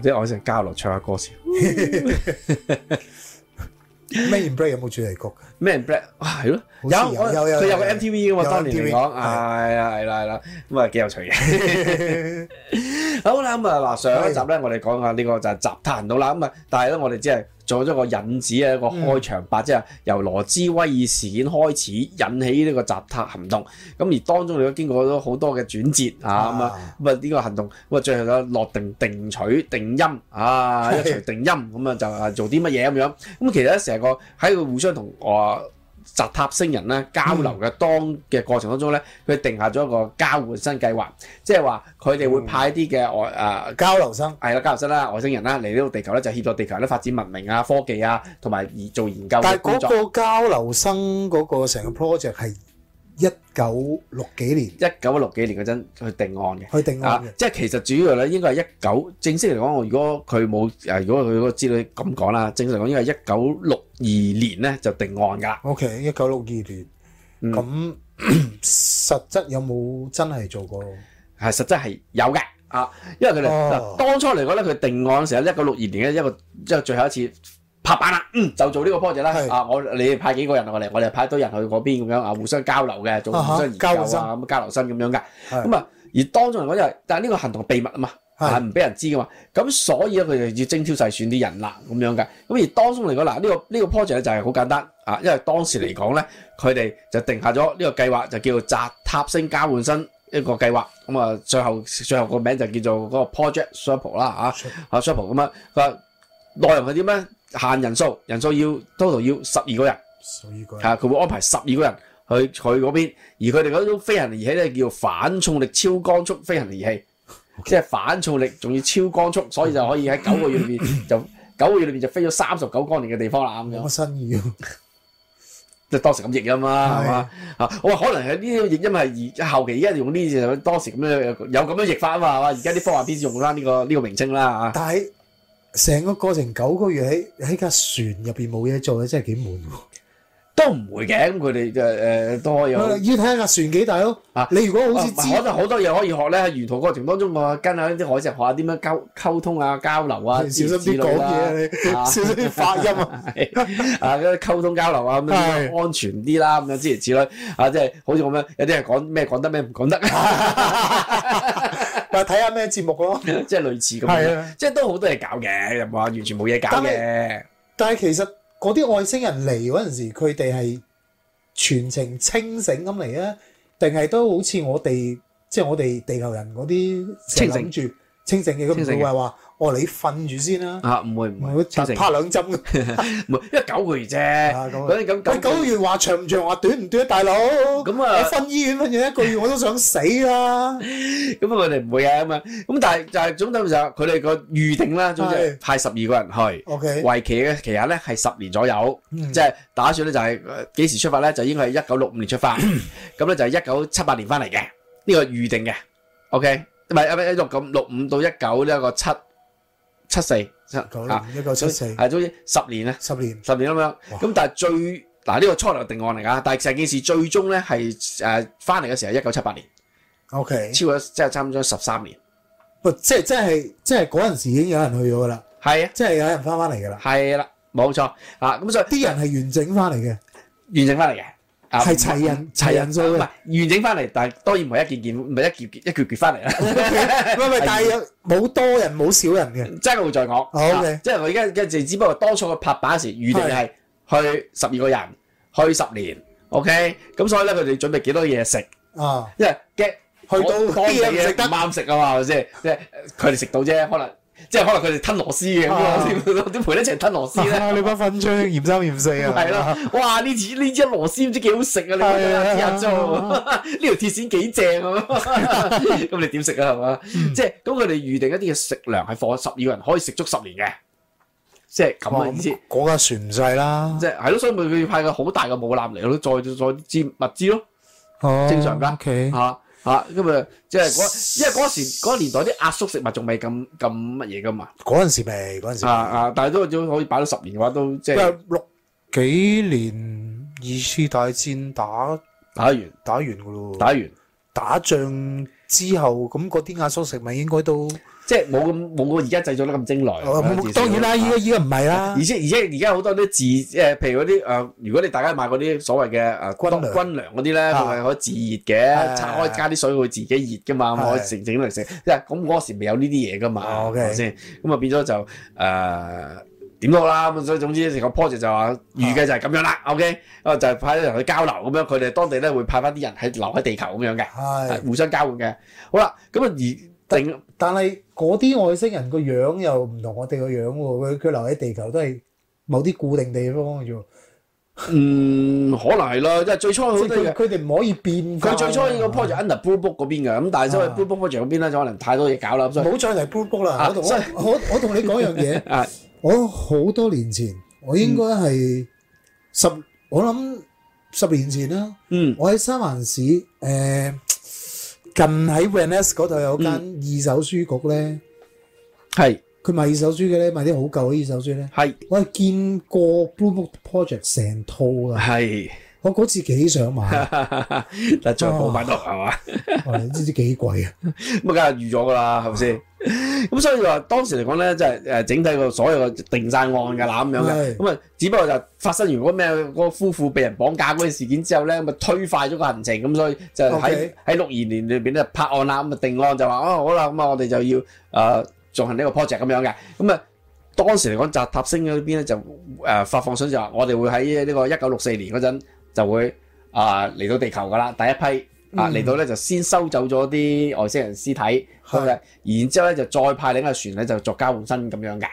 即係我成日交流，唱下歌詞。Men in Black 有冇主題曲？Men in Black，係咯，有，有，有，佢有個 MTV 嘅嘛，當年嚟講，係啊，係啦，係啦，咁啊，幾有趣嘅。好啦，咁啊，嗱，上一集咧，我哋講下呢個就係澤塔行動啦。咁啊，但係咧，我哋只係做咗個引子啊，一個開場白，的即係由羅茲威爾事件開始引起呢個澤塔行動。咁而當中，你都經過咗好多嘅轉折啊。咁啊，咁啊呢個行動，咁啊最後咧落定定取定音啊，一錘定音。咁啊的就做啲乜嘢咁樣？咁其實咧，成個喺個互相同我。澤塔星人啦，交流嘅當嘅過程當中咧，佢、嗯、定下咗一個交換生計劃，即係話佢哋會派啲嘅外誒交流生，係啦交流生啦外星人啦嚟呢度地球咧，就協助地球咧發展文明啊、科技啊同埋做研究。但係嗰個交流生嗰個成個 project 係。一九六幾年，一九六幾年嗰陣去定案嘅，去定案嘅，即係其實主要咧應該係一九正式嚟講，我如果佢冇誒，如果佢個資料咁講啦，正常講應該係一九六二年咧就定案㗎。OK，一九六二年，咁實質有冇真係做過？係實質係有嘅啊，因為佢哋嗱，當初嚟講咧，佢定案嘅時候一九六二年嘅一個即係最後一次，拍板啦，嗯，就做呢個 project 啦。是的 啊，我你哋派幾個人落嚟，我哋派多人去嗰邊咁樣啊，互相交流嘅，做互相咁、啊交，啊、交流生咁樣嘅。咁啊是的，而當中嚟講、就是，因為但係呢個行動係秘密啊嘛，係唔俾人知噶嘛。咁所以咧，佢就要精挑細選啲人啦，咁樣嘅。咁而當中嚟講，嗱、這、呢個呢、這個 project 咧就係好簡單啊，因為當時嚟講咧，佢哋就定下咗呢個計劃，就叫做澤塔星交換生一個計劃。咁啊，最後最後個名就叫做嗰個 Project Serpo 啦，吓啊 Serpo 咁啊，內 容係點咧？限人數，人數要 total 要十二個人，十二個係佢、啊、會安排十二個人去佢嗰邊，而佢哋嗰種飛行儀器咧叫反重力超光速飛行儀器，Okay. 即係反重力仲要超光速，所以就可以喺九個月裏邊就九 個月裏邊就飛咗三十九光年嘅地方啦，咁樣。咁新意喎，即係當時咁譯音啊嘛，係嘛是啊？我話可能係呢個譯音係而後期而家用呢啲，當時咁樣有咁樣譯法嘛，而家啲科幻片用翻、這、呢個呢、這個名稱啦啊。但係。成個過程九個月喺喺架船入邊冇嘢做咧，真係幾悶。都唔會嘅，咁佢哋就誒誒多咗。要睇下船幾大咯。啊，你如果好似我就好多嘢可以學咧，喺沿途過程當中我跟下啲海籍學下啲咩溝溝通啊、交流啊，小心啲講嘢，小心啲發音啊。啊，溝通交流啊，咁樣安全啲啦，咁樣之如此類啊，即係、啊就是、好似咁樣，有啲人講咩講得咩唔講得、啊。 但睇下咩節目咯，即係類似咁，即係都好多嘢搞嘅，又唔話完全冇嘢搞嘅。但係，但係其實嗰啲外星人嚟嗰陣時，佢哋係全程清醒咁嚟啊？定係都好似我哋，即係我哋地球人嗰啲，清醒住清醒嘅，佢唔會話。哦，你瞓住先啦！啊，唔會唔會，拍兩針嘅，唔係，因為九個月啫。嗱你咁九個月話長唔長，話短唔短，大佬咁啊！瞓醫院瞓住一個月我都想死啦！咁啊，佢哋唔會嘅咁啊。咁但係就係總之就係佢哋個預定啦，總之派十二個人去。O K. 為期嘅期限咧係十年左右，即係打算咧就係幾時出發咧，就應該係一九六五年出發。咁咧就係一九七八年翻嚟嘅呢個預定嘅。O K. 唔係一六九六五到一九呢一個七。七四，一九七四，係總之十年啊，十 1974, 年十年咁樣。咁哇但係最，嗱呢個初頭定案嚟噶。但係成件事最終咧，係誒翻嚟嘅時候一九七八年，OK，超過即係差唔多十三年。不，即係即係即係嗰陣時已經有人去咗噶啦，係啊，即係有人翻翻嚟噶啦，係啦，冇錯啊。咁、啊、所以啲人係完整翻嚟嘅，完整翻嚟嘅。係齊人齊人數，唔係完整翻嚟，但係當然唔係一件件，唔係一件一件一件件翻嚟啦。唔係唔係，但係有冇多人冇少人嘅，真係會再講。好嘅，即係我依家跟住，只不過當初佢拍板嗰時，預定係去十二個人，去十年，OK，咁所以咧，佢哋準備幾多嘢食啊？因為驚去到啲嘢食唔啱食啊嘛，係咪先？即係佢哋食到啫，可能。即係可能佢哋吞螺絲嘅，點陪得一齊吞螺絲咧？你班粉腸嫌三嫌四啊！係咯，哇！呢支呢支螺絲唔知幾好食啊！呢個鐵一租，呢條鐵線幾正咁，咁你點食啊？係嘛，即係咁佢哋預定一啲嘅食糧係放十二個人可以食足十年嘅，即係咁嘅意思。嗰架船唔細啦，即係係咯，所以佢要派個好大嘅母艦嚟咯，再再支物資咯，正常噶吓。啊，咁、就、啊、是，即係因為嗰時嗰年代啲壓縮食物仲未咁咁乜嘢噶嘛，嗰陣時未，嗰陣時未，啊啊，但係都，都可以擺到十年嘅話，都即係六幾年二次大戰打打完打完噶咯，打完打仗之後，咁嗰啲壓縮食物應該都。即係冇咁冇我而家製造得咁精良。當然啦，依家依家唔係啦。而且而且而家好多啲自誒，譬如嗰啲誒，如果你大家買嗰啲所謂嘅誒軍軍糧嗰啲咧，佢係可以自熱嘅，拆開加啲水會自己熱㗎嘛，可以整整嚟食。即係咁嗰時未有呢啲嘢㗎嘛，係咪先？咁啊變咗就誒點都好啦。咁所以總之成個 project 就話預計就係咁樣啦。OK，就係派啲人去交流咁樣，佢哋當地咧會派翻啲人喺留喺地球咁樣嘅，互相交換嘅。好啦，咁啊而。但係嗰啲外星人個樣又唔同我哋個樣喎，佢佢留喺地球都係某啲固定地方嘅啫，嗯，可能係啦，即係最初佢哋唔可以變。佢最初喺個 project under blue book 嗰邊㗎，咁、啊、但係所謂 blue book project 嗰邊咧，就可能太多嘢搞啦。冇錯、啊，係以 blue book 啦。以我同 我我同你講樣嘢，我好多年前，我應該係十，我諗十年前啦。嗯、我喺三藩市誒。呃近喺 Veness 嗰度有一間二手書局咧，係佢、嗯、賣二手書嘅咧，賣啲好舊嘅二手書咧，係是的 我見過 Bluebook Project 成套啊，係。我嗰、哦、次幾想買，但係最後冇買到係嘛？你知唔知幾貴啊？咁梗係預咗噶啦，係咪先？咁所以話當時嚟講咧，即係誒整體個所有嘅定曬案㗎啦咁樣嘅。咁啊的，只不過就發生完嗰咩嗰個夫婦被人綁架嗰啲事件之後咧，咁啊推快咗個行程，咁所以就喺喺六二年裏邊咧拍案啦，咁啊定案就話哦的、啊，好啦，咁啊我哋就要誒、呃、進行呢個 project 咁樣嘅。咁啊當時嚟講，澤塔星嗰邊咧就誒、呃、發放信就話我哋會喺呢個一九六四年嗰陣，就會啊嚟、呃、到地球噶啦，第一批啊嚟到咧就先收走咗啲外星人屍體，係、嗯，然之後咧就再派另一個船咧就作交換生咁樣嘅，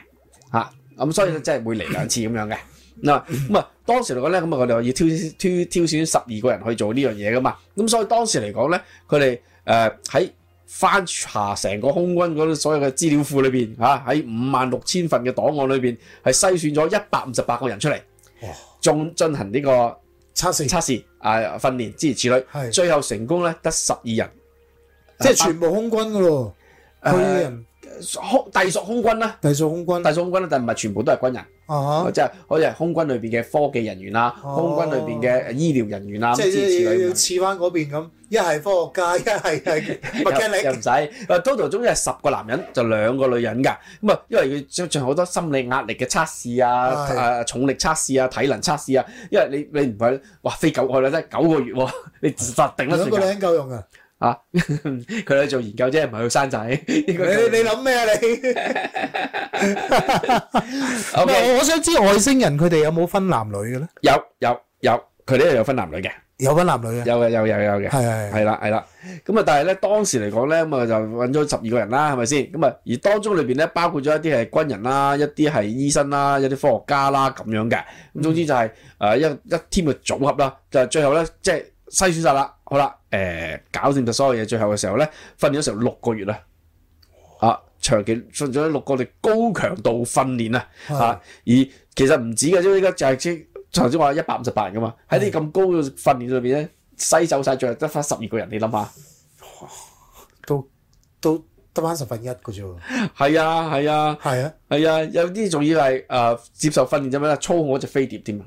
吓、啊、咁所以咧即係會嚟兩次咁樣嘅，嗱咁啊、嗯嗯、當時嚟講咧，咁啊我哋要挑挑挑選十二個人去做呢樣嘢噶嘛，咁所以當時嚟講咧，佢哋誒喺翻查成個空軍嗰啲所有嘅資料庫裏邊吓，喺五萬六千份嘅檔案裏邊係篩選咗一百五十八個人出嚟，哇、哦，仲進行呢、這個。測試測試，啊訓練之之類，最後成功得十二人，即全部空軍噶咯，佢人、呃、空隸屬空軍隸屬空軍，隸屬空軍但唔係全部都係軍人。哦，uh huh。即係好似係空軍裏面嘅科技人員啦，空軍裏面嘅醫療人員啦，uh huh。即係要要似翻嗰邊咁，一係科學家，一係 又唔使。誒，Total 總之係十個男人就兩個女人㗎，咁啊，因為要進行好多心理壓力嘅測試啊， 啊，重力測試啊，體能測試啊，因為你你唔係，哇，飛九個啦啫，真係九個月喎，啊，你實頂得住嘅。兩個女人夠用啊！啊！佢哋做研究啫，唔係去生仔。你你諗咩啊？你我想知外星人佢哋有冇分男女嘅咧？有有有，佢哋有有分男女嘅。有，有，有，佢哋有分男女嘅。有嘅有有有嘅。係係係啦係啦。咁啊的的，但係咧當時嚟講咧，咁啊就揾咗十二個人啦，係咪先？咁啊，而當中裏邊咧包括咗一啲係軍人啦，一啲係醫生啦，一啲科學家啦，咁樣嘅。咁總之就係、係、誒、嗯、一一 team 嘅組合啦。就係、最後咧，即係。篩選晒啦，好啦，誒、嗯，搞掂咗所有嘢，最後嘅時候咧，訓練咗成六個月啦，啊，長期訓咗六個月，高強度訓練是的 啊，而其實唔止嘅，因為依家就係先頭先話一百五十八人噶嘛，喺啲咁高嘅訓練裏邊咧，篩是的 走晒最後得翻十二個人，你諗下，都都得翻十分一嘅啫喎，係啊，係啊，係啊，係啊，有啲仲要係誒、呃、接受訓練做咩咧？操控一隻飛碟添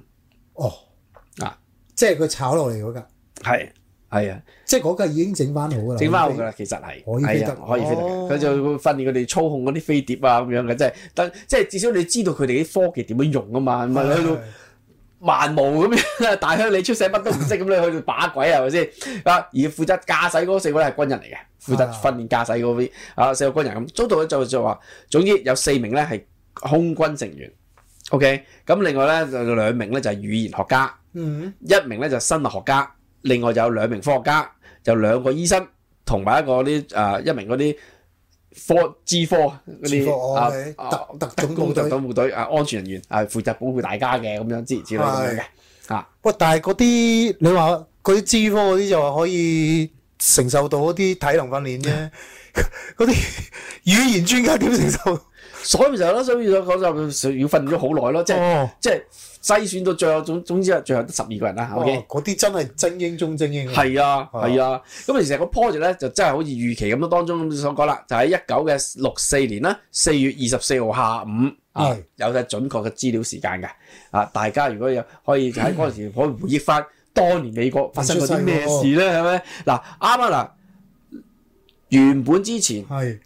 哦，啊、即係佢炒落嚟嗰架。係係啊，即係嗰架已經整翻好噶啦，整翻好噶啦。其實係可以飛得，可以飛得。佢就訓練佢哋操控嗰啲飛碟啊，咁樣嘅，即係，但即係至少你知道佢哋啲科技點樣用啊嘛，唔係去到盲毛咁樣，大鄉里出世乜都唔識咁，你去到把鬼係咪先啊？而負責駕駛嗰四個係軍人嚟嘅，負責訓練駕駛嗰啲啊，四個軍人咁，做到咧就就話，總之有四名咧係空軍成員，ok，咁另外咧就兩名咧就係語言學家，嗯，一名咧就生物學家。另外就有兩名科學家，就兩個醫生，同埋一個啲啊一名嗰啲科資科嗰啲特特總高特種部隊啊安全人員啊負責保護大家嘅咁樣之之類咁樣嘅嚇。喂的，啊、但係嗰啲你話嗰啲資科嗰啲就可以承受到嗰啲體能訓練啫。嗰啲是的 語言專家點承受所不？所以就咯，所以就要訓練咗好耐咯，即係即係。哦就是篩選到最後總總之啊，最後得十二個人啦。哇 OK，嗰啲真係精英中精英。係啊係啊，咁其實個 project 咧就真係好似預期咁樣，當中咁所講啦，就喺一九嘅六四年啦，四月二十四號下午，係是、啊、有晒準確嘅資料時間嘅。啊，大家如果有可以喺嗰陣時可以回憶翻，當年美國發生過啲咩 事咧？係咪？嗱啱啊嗱，原本之前係。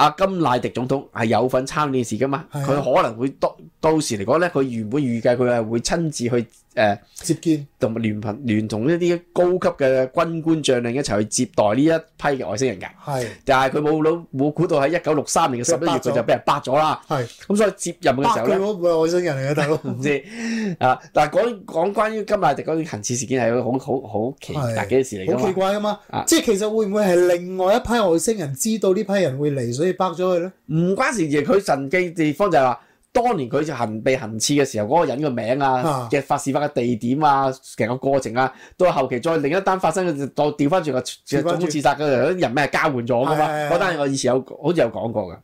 阿甘迺迪總統係有份參與呢件事㗎嘛？佢的可能會到到時嚟講咧，佢原本預計佢係會親自去。誒，接見同聯頻聯同一啲高級嘅軍官將領一齊去接待呢一批嘅外星人嘅。係，但係佢冇諗冇估到喺一九六三年嘅十一月佢就俾人扒咗啦。係，咁所以接任嘅時候咧，佢唔係外星人嚟嘅？大佬，唔知啊，但係講講關於甘迺迪嗰啲行刺事件係一個好好好奇特嘅事嚟，好奇怪噶嘛，即係其實會唔會係另外一批外星人知道呢批人會嚟，所以扒咗佢咧？唔關事嘅，佢神奇地方就係話。當年佢行被行刺嘅時候，嗰個人嘅名字啊，嘅、啊、發事發嘅地點啊，成個過程啊，到後期再另一單發生嘅，再調翻轉個，自殺嘅人，人名交換咗噶嘛？嗰單我以前有有好似有講過噶，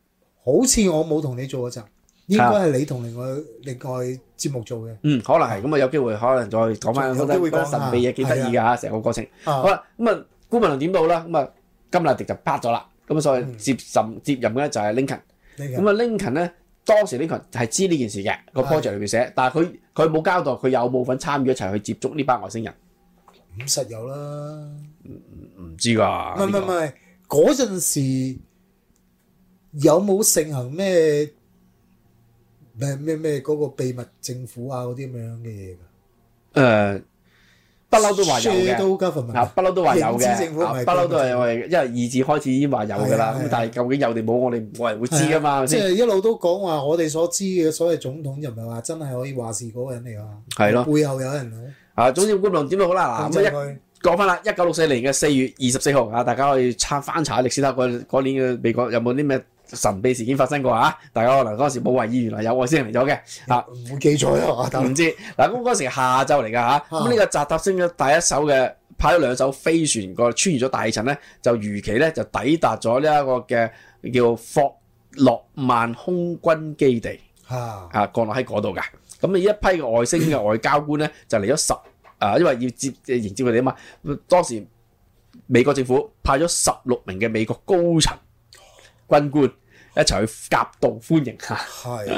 好似我冇同你做嗰陣，應該係你同另外的另外節目做嘅。嗯，可能係咁啊，有機會可能再講翻，有機會講神秘嘢，幾得意噶，成的個過程。嗯、好啦，咁啊，古文龍點到啦，咁啊，金立迪就趴咗啦，咁所以接任接任咧就係 Lincoln 咁啊 Lincoln 咧。嗯當時呢個人係知呢件事嘅，個 project 裏邊寫，但係佢佢冇交代佢有冇份參與一齊去接觸呢班外星人，唔實有啦，唔唔知㗎，唔係，唔係，嗰陣時有冇盛行咩咩咩咩嗰個秘密政府啊嗰啲咁樣嘅嘢㗎？誒。的的的不嬲都話有嘅，啊不嬲都話有嘅，啊不嬲都係因為二字開始已經話有㗎啦。咁但係究竟有定冇，我哋冇人會知㗎嘛？即係的一路都講話我哋所知嘅，所謂總統就唔係話真係可以話事嗰個人嚟㗎。係咯的，背後有人啊！總之，無論點都好啦，嗱咁一講翻啦，一九六四年嘅四月二十四號啊，大家可以查翻查歷史啦。嗰嗰年嘅美國有冇啲咩？神秘事件發生過嚇，大家可能嗰陣時冇懷疑，原來有外星人嚟咗嘅，啊唔好記錯啦，唔知嗱咁嗰陣時下晝嚟㗎嚇，咁呢 個扎塔星嘅第一艘嘅派咗兩艘飛船過穿越咗大氣層咧，就如期咧就抵達咗呢一個嘅叫霍洛曼空軍基地嚇 降落喺嗰度㗎，咁呢一批嘅外星嘅外交官咧就嚟咗十啊，因為要接迎接佢哋啊嘛，當時美國政府派咗十六名嘅美國高層。軍官一齊去夾道歡迎嚇，係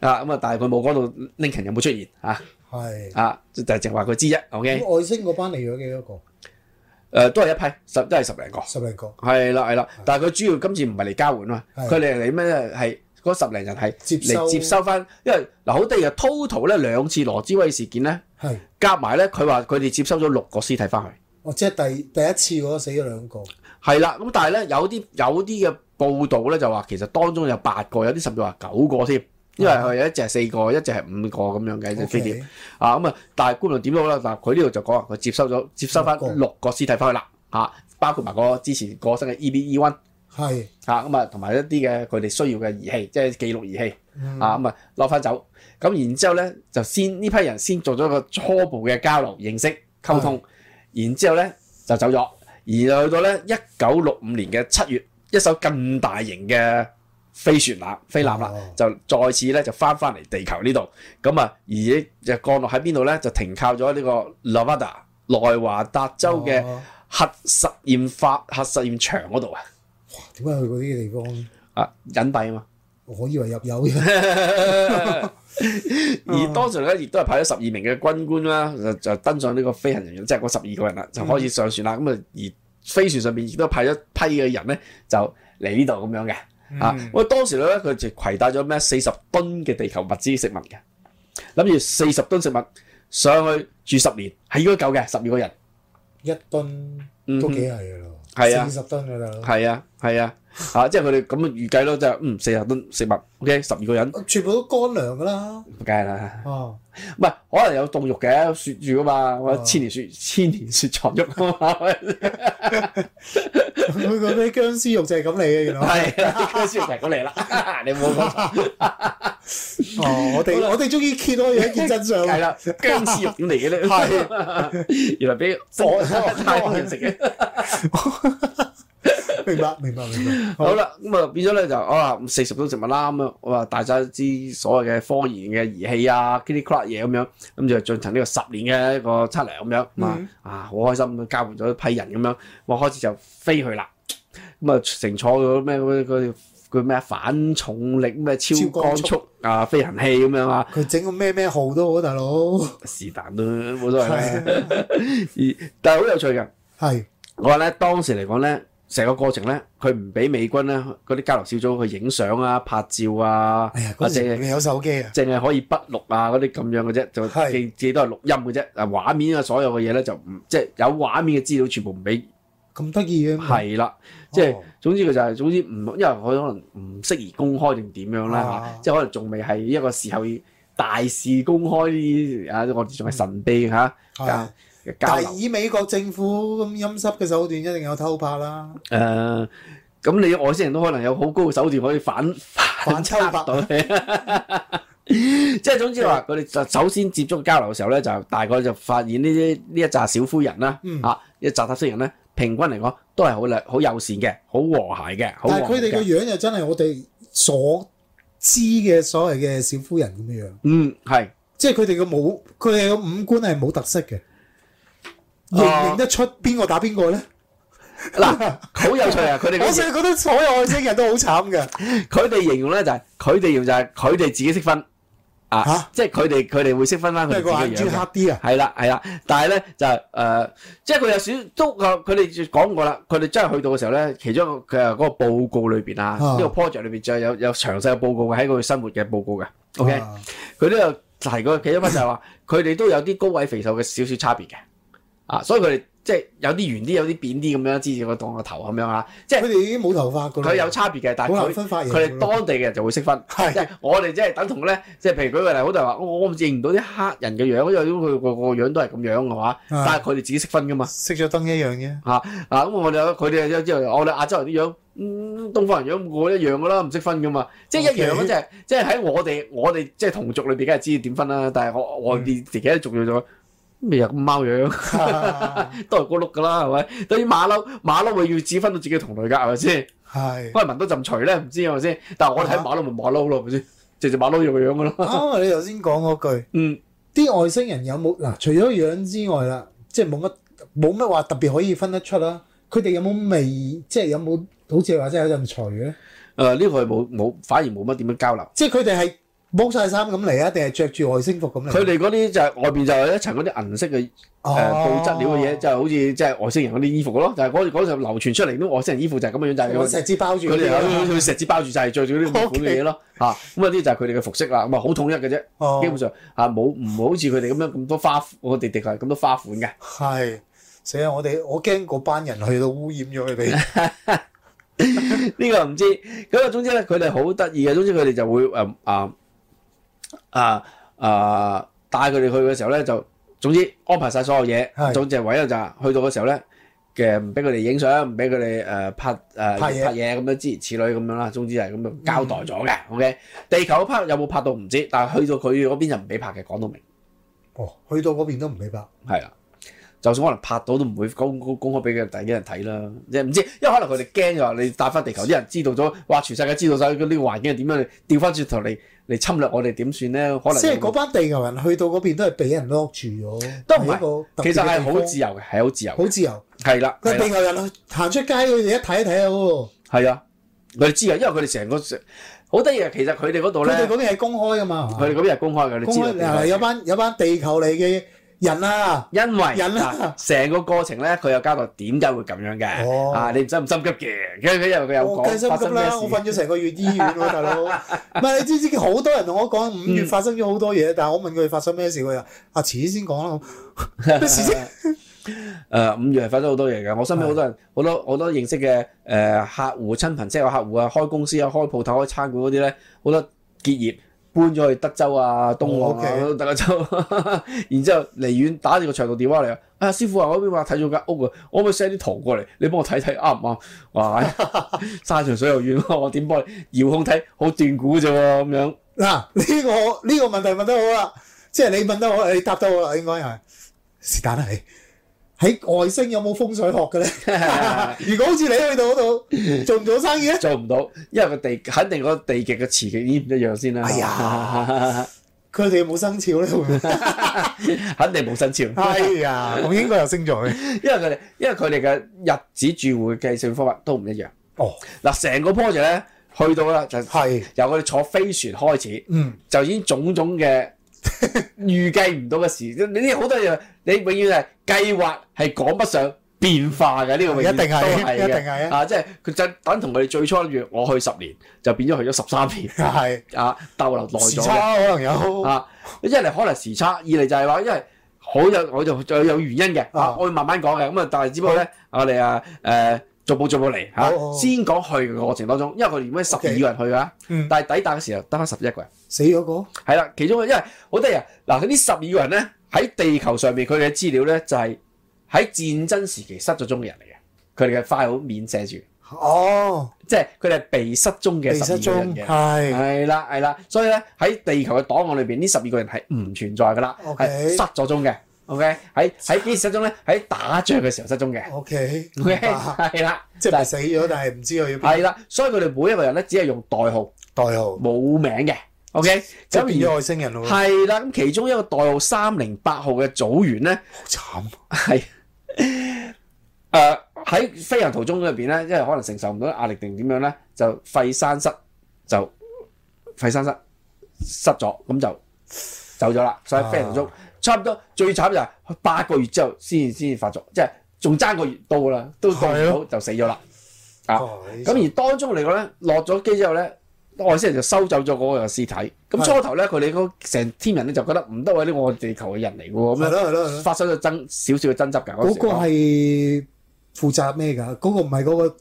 啊咁啊！但係佢冇講到 Lincoln 有冇出現嚇，係啊，就係淨話佢知啫。OK，外星嗰班嚟咗幾多個？誒，都係一批，十都係十零個，十零個係啦，係啦。的但係佢主要今次唔係嚟交換啊，佢嚟嚟咩係嗰十零人係嚟接收翻，因為嗱好得意啊，total 咧兩次羅茲威事件咧，係夾埋咧，佢話佢哋接收咗六個屍體翻去。哦，即係第第一次嗰死咗兩個。係啦，咁但係咧有啲有啲嘅報道咧就話，其實當中有八個，有啲甚至話九個添，因為佢有一隻係四個，一隻係五個咁樣嘅飛碟啊。咁 Okay. 啊，但係無論點都好啦，嗱，佢呢度就講佢接收咗接收翻六個屍體翻去啦，嚇、啊，包括埋個之前過身嘅 E B E one，係嚇，咁是啊，同埋一啲嘅佢哋需要嘅儀器，即係記錄儀器，啊，咁、嗯、啊，攞翻走，咁然之後咧就先呢批人先做咗個初步嘅交流、認識、溝通，是然之後咧就走咗。而又去到咧一九六五年嘅七月，一艘咁大型嘅飛船啦，飛艦啦，啊、就再次咧就翻翻嚟地球呢度，咁啊而咧降落喺邊度咧？就停靠咗呢個 Nevada 內華達州嘅核實驗發核實驗場嗰度啊！哇，點解去嗰啲地方啊？隱蔽啊嘛，我以為入油嘅。 而當時咧亦都係派咗十二名嘅軍官啦，就登上呢個飛行人員，即係嗰十二個人啦，就可以上船啦。咁啊、嗯、而飛船上邊亦都派咗批嘅人咧，就嚟呢度咁樣嘅，嗯、啊！咁當時咧佢就攜帶咗咩四十噸嘅地球物資食物嘅，諗住四十噸食物上去住十年係應該夠嘅，十二個人一噸都幾係嘅咯，係、嗯、哼啊，四十噸嘅啦，係啊，係啊。啊，即係佢哋咁樣預計咯，就係、是、嗯四十噸食物，OK，十二個人，全部都乾糧噶啦，唔計啦，哦、啊，唔係，可能有凍肉嘅雪住噶嘛，我千年雪、啊、千年雪千年雪藏肉，嘛嗰啲僵屍肉就係咁嚟嘅。原來係僵屍肉就係咁嚟啦。 你冇講，哦，我哋 我哋終於揭開一件真相， 係啦，僵屍肉點嚟嘅咧？係，原來俾火太多人食嘅。 明白，明白，明白。好啦了，咁啊、嗯、變咗咧就，我話四十種植物啦，咁啊，我話大家知所謂嘅科研嘅儀器啊，k i t t y cut l 嘢咁樣，咁就進行呢個十年嘅一個測量咁樣，嗯、啊，啊好開心，交換咗一批人咁樣，我開始就飛去啦，咁啊乘坐咩咩反重力咩超光速啊飛行器咁樣啊，佢整個咩咩號都好，大佬是、啊、 但都冇所謂但係好有趣嘅，係是我話咧當時嚟講咧。成個過程咧，佢唔俾美軍咧嗰啲交流小組去影相啊、拍照啊，凈係、哎、有手機啊，凈係可以筆錄啊嗰啲咁樣嘅啫，就記記是都係錄音嘅啫。啊，畫面啊，所有嘅嘢咧就唔即係有畫面嘅資料，全部唔俾。咁得意嘅。係啦了，哦、即係總之佢就係、是、總之唔，因為佢可能唔適宜公開定點樣啦嚇，啊、即係可能仲未係一個時候大事公開呢啲啊，我哋仲係神秘嚇。但係以美國政府咁陰濕嘅手段，一定有偷拍啦。誒、呃，咁你外星人都可能有好高嘅手段，可以反反偷拍到你。即 係總之話，佢哋就首先接觸交流嘅時候咧，就大概就發現呢啲呢一紮小夫人啦，吓、嗯、一紮外星人咧，平均嚟講都係好靚、好友善嘅、好和諧嘅。但係佢哋嘅樣子就真係我哋所知嘅所謂嘅小夫人咁嘅樣。嗯，係，即係佢哋嘅武，佢哋嘅五官係冇特色嘅。認唔認得出邊個打邊個咧？嗱、 啊，好有趣啊！佢哋，我想覺得所有外星人都好慘嘅。佢哋形容咧就係，佢哋形容就係、是，佢哋自己識分啊，啊，即係佢哋佢哋會識分翻佢哋嘅樣，眼珠黑啲啊，係啦係啦，但係咧就誒、呃，即係佢有少都啊，佢哋講過啦，佢哋真係去到嘅時候咧，其中嘅嗰個報告裏邊啊，呢個 project 裏邊就有有詳細嘅報告喺佢生活嘅報告嘅。啊、OK，佢都有提個其中一個就係、是、話，佢哋都有啲高位肥瘦嘅少少差別嘅。啊，所以佢哋即係有啲圓啲，有啲扁啲咁樣，支持佢當個頭咁樣啦。即係佢哋已經冇頭髮佢有差別嘅，但係佢佢哋當地嘅人就會識分。的即係，我哋即係等同咧，即係譬如舉個例，好多人話我我認唔到啲黑人嘅樣，因為佢個個樣都係咁樣嘅話，的但係佢哋自己識分噶嘛，熄咗燈一樣啫。嚇嗱、啊，咁我哋佢哋有之後，我哋亞洲人啲樣，嗯，東方人樣我一樣噶啦，唔識分噶嘛，即係一樣嗰、就、只、是，Okay 即係喺我哋我哋即係同族裏邊梗係知點分啦。但係我我哋自己都重要咗。嗯咩又咁貓樣，都係咕碌噶啦，係咪？對於馬騮，馬騮咪要只分到自己嘅同類㗎，係咪先？係、啊。可能聞到陣馴咧，唔知係咪先？但係我睇馬騮咪馬騮咯，咪先、啊？就做馬騮樣嘅樣㗎啦。你頭先講嗰句，嗯，啲外星人有冇嗱？除咗樣之外啦，即係冇乜冇乜話特別可以分得出啦。佢哋有冇味？即係有冇好似話即係有陣馴咧？誒、呃，呢、呢個係冇冇，反而冇乜點樣交流。即係佢哋係。剝晒衫咁嚟啊？定係着住外星服咁樣？佢哋嗰啲就係外邊、啊、就係一層嗰啲銀色嘅誒布質料嘅嘢，就係好似即係外星人嗰啲衣服咯，但係嗰嗰陣流傳出嚟，啲外星人衣服就係咁嘅樣，就係、是、用錫紙包住佢哋，用錫紙包住晒，着住啲古款嘅嘢咯。吓咁 Okay. 啊啲就係佢哋嘅服飾啦。咁啊好統一嘅啫，啊、基本上吓冇唔好似佢哋咁樣咁多花，我哋的確係咁多花款嘅。係，所以我哋我驚嗰班人去到污染咗佢哋。呢 個唔知。咁啊總之咧，佢哋好得意嘅。總之佢哋就會誒啊。呃呃啊啊！帶佢哋去嘅時候咧，就總之安排晒所有嘢，總之係唯一就去到嘅時候咧嘅唔俾佢哋影相，唔俾佢哋誒拍誒拍嘢咁樣，諸如此類咁樣啦。總之係咁樣交代咗嘅。嗯，OK，地球 part 有冇拍到唔知，但係去到佢嗰邊就唔俾拍嘅，講到明。哦，去到嗰邊都唔俾拍。係就算可能拍到都唔會公公開俾佢第啲人睇啦，即係唔知，因為可能佢哋驚㗎。你帶翻地球啲人知道咗，哇！全世界知道晒嗰啲環境係點樣，調翻轉頭嚟嚟侵略我哋點算咧？可能有有即係嗰班地球人去到嗰邊都係俾人 lock 住咗，都唔係一個。其實係好自由嘅，係好自由。好自由係啦。佢哋地球人行出街，佢哋一睇一睇喎。係啊，佢哋知啊，因為佢哋成個好得意啊。其實佢哋嗰度咧，佢哋嗰邊係公開㗎嘛。佢哋嗰邊係公開嘅，你知有班有班地球嚟嘅。人啊！因為人啊！成個過程咧，佢有交代點解會咁樣嘅，哦、啊！你唔使咁心急嘅，因為佢有講發生咩事。我心急啦，我瞓咗成個月醫院喎， 大佬。唔係，你知唔知好多人同我講五月發生咗好多嘢？嗯、但係我問佢發生咩事，佢又啊遲先講啦。咩事？誒五、呃呃、月係發生好多嘢嘅，我身邊好多人，好的多好多認識嘅誒、呃、客戶、親朋戚友、客戶啊，開公司啊、開鋪頭、開餐館嗰啲咧，好、啊、多結業。搬咗去德州啊，東莞啊，哦 okay. 德州。 然之後離遠打住個長途電話嚟啊，啊師傅啊，我邊話睇咗間屋啊，我可唔可以 send 啲圖過嚟？你幫我睇睇啱唔啱？哇， 山長水又遠，我點幫你？遙控睇好斷估啫喎，咁樣。嗱、啊，呢、這個呢、這個問題問得好啊，即係你問得好，你答得好啦，應該係。是但啦，你。喺外星有冇風水學嘅咧？ 如果好似你去到嗰度做唔到生意咧？做唔到，因為個地肯定個地極嘅磁極已經唔一樣先啦。哎呀，佢哋冇生肖咧， 肯定冇生肖。 哎呀，咁應該有星座嘅， 因為佢哋因為佢哋嘅日子轉換嘅計算方法都唔一樣。哦，嗱，成個 project 咧去到啦，就係由我哋坐飛船開始，嗯、就已經種種嘅。預計唔到嘅事，你呢好多嘢，你永遠係計劃係講不上變化嘅呢個，一定係一定係啊！即係佢就等同佢哋最初約我去十年，就變咗去咗十三年，係的啊逗留耐咗。時差可能有啊，一嚟可能時差，二嚟就係話因為好有，我就再有原因嘅啊，我會慢慢講嘅。咁啊，但係只不過咧，的我哋啊誒。呃逐步逐步嚟吓，先講去嘅過程當中，因為佢哋連咩十二個人去嘅，okay, 嗯、但係抵達嘅時候得翻十一個人，死咗個係啦。其中因為好得意呀嗱，呢十二個人咧喺地球上面佢哋嘅資料咧就係喺戰爭時期失咗蹤嘅人嚟嘅，佢哋嘅 file 面寫住哦，即係佢哋係被失蹤嘅十二個人嘅，係係啦係啦，所以咧喺地球嘅檔案裏邊呢十二個人係唔存在㗎啦，係 okay, 失咗蹤嘅。O K，喺幾時失蹤咧？喺、okay? 打仗嘅時候失蹤嘅。O K，係啦，即係但係死咗，但係唔知佢去咗邊。係啦的，所以佢哋每一個人咧，只係用代號，代號冇名嘅。O K，咁變咗外星人咯。係啦， 咁其中一個代號三零八號嘅組員咧，好慘、啊。係誒，喺、呃、飛行途中入邊咧，因為可能承受唔到壓力定點樣咧，就肺栓塞，就肺栓塞，失咗，咁就走咗啦。所以飛行途中。啊。差唔多，最慘就係八個月之後先先至發作，即係仲爭個月到啦，都到唔到的就死咗啦。啊，咁、啊、你是 而當中嚟講咧，落咗機之後咧，外星人就收走咗嗰個屍體。咁的初頭咧，佢哋成天人咧就覺得唔得喎，呢個地球嘅人嚟㗎喎。係咯係咯，發生咗爭少少嘅爭執㗎。嗰個係負責咩㗎？嗰、嗰個唔係嗰個。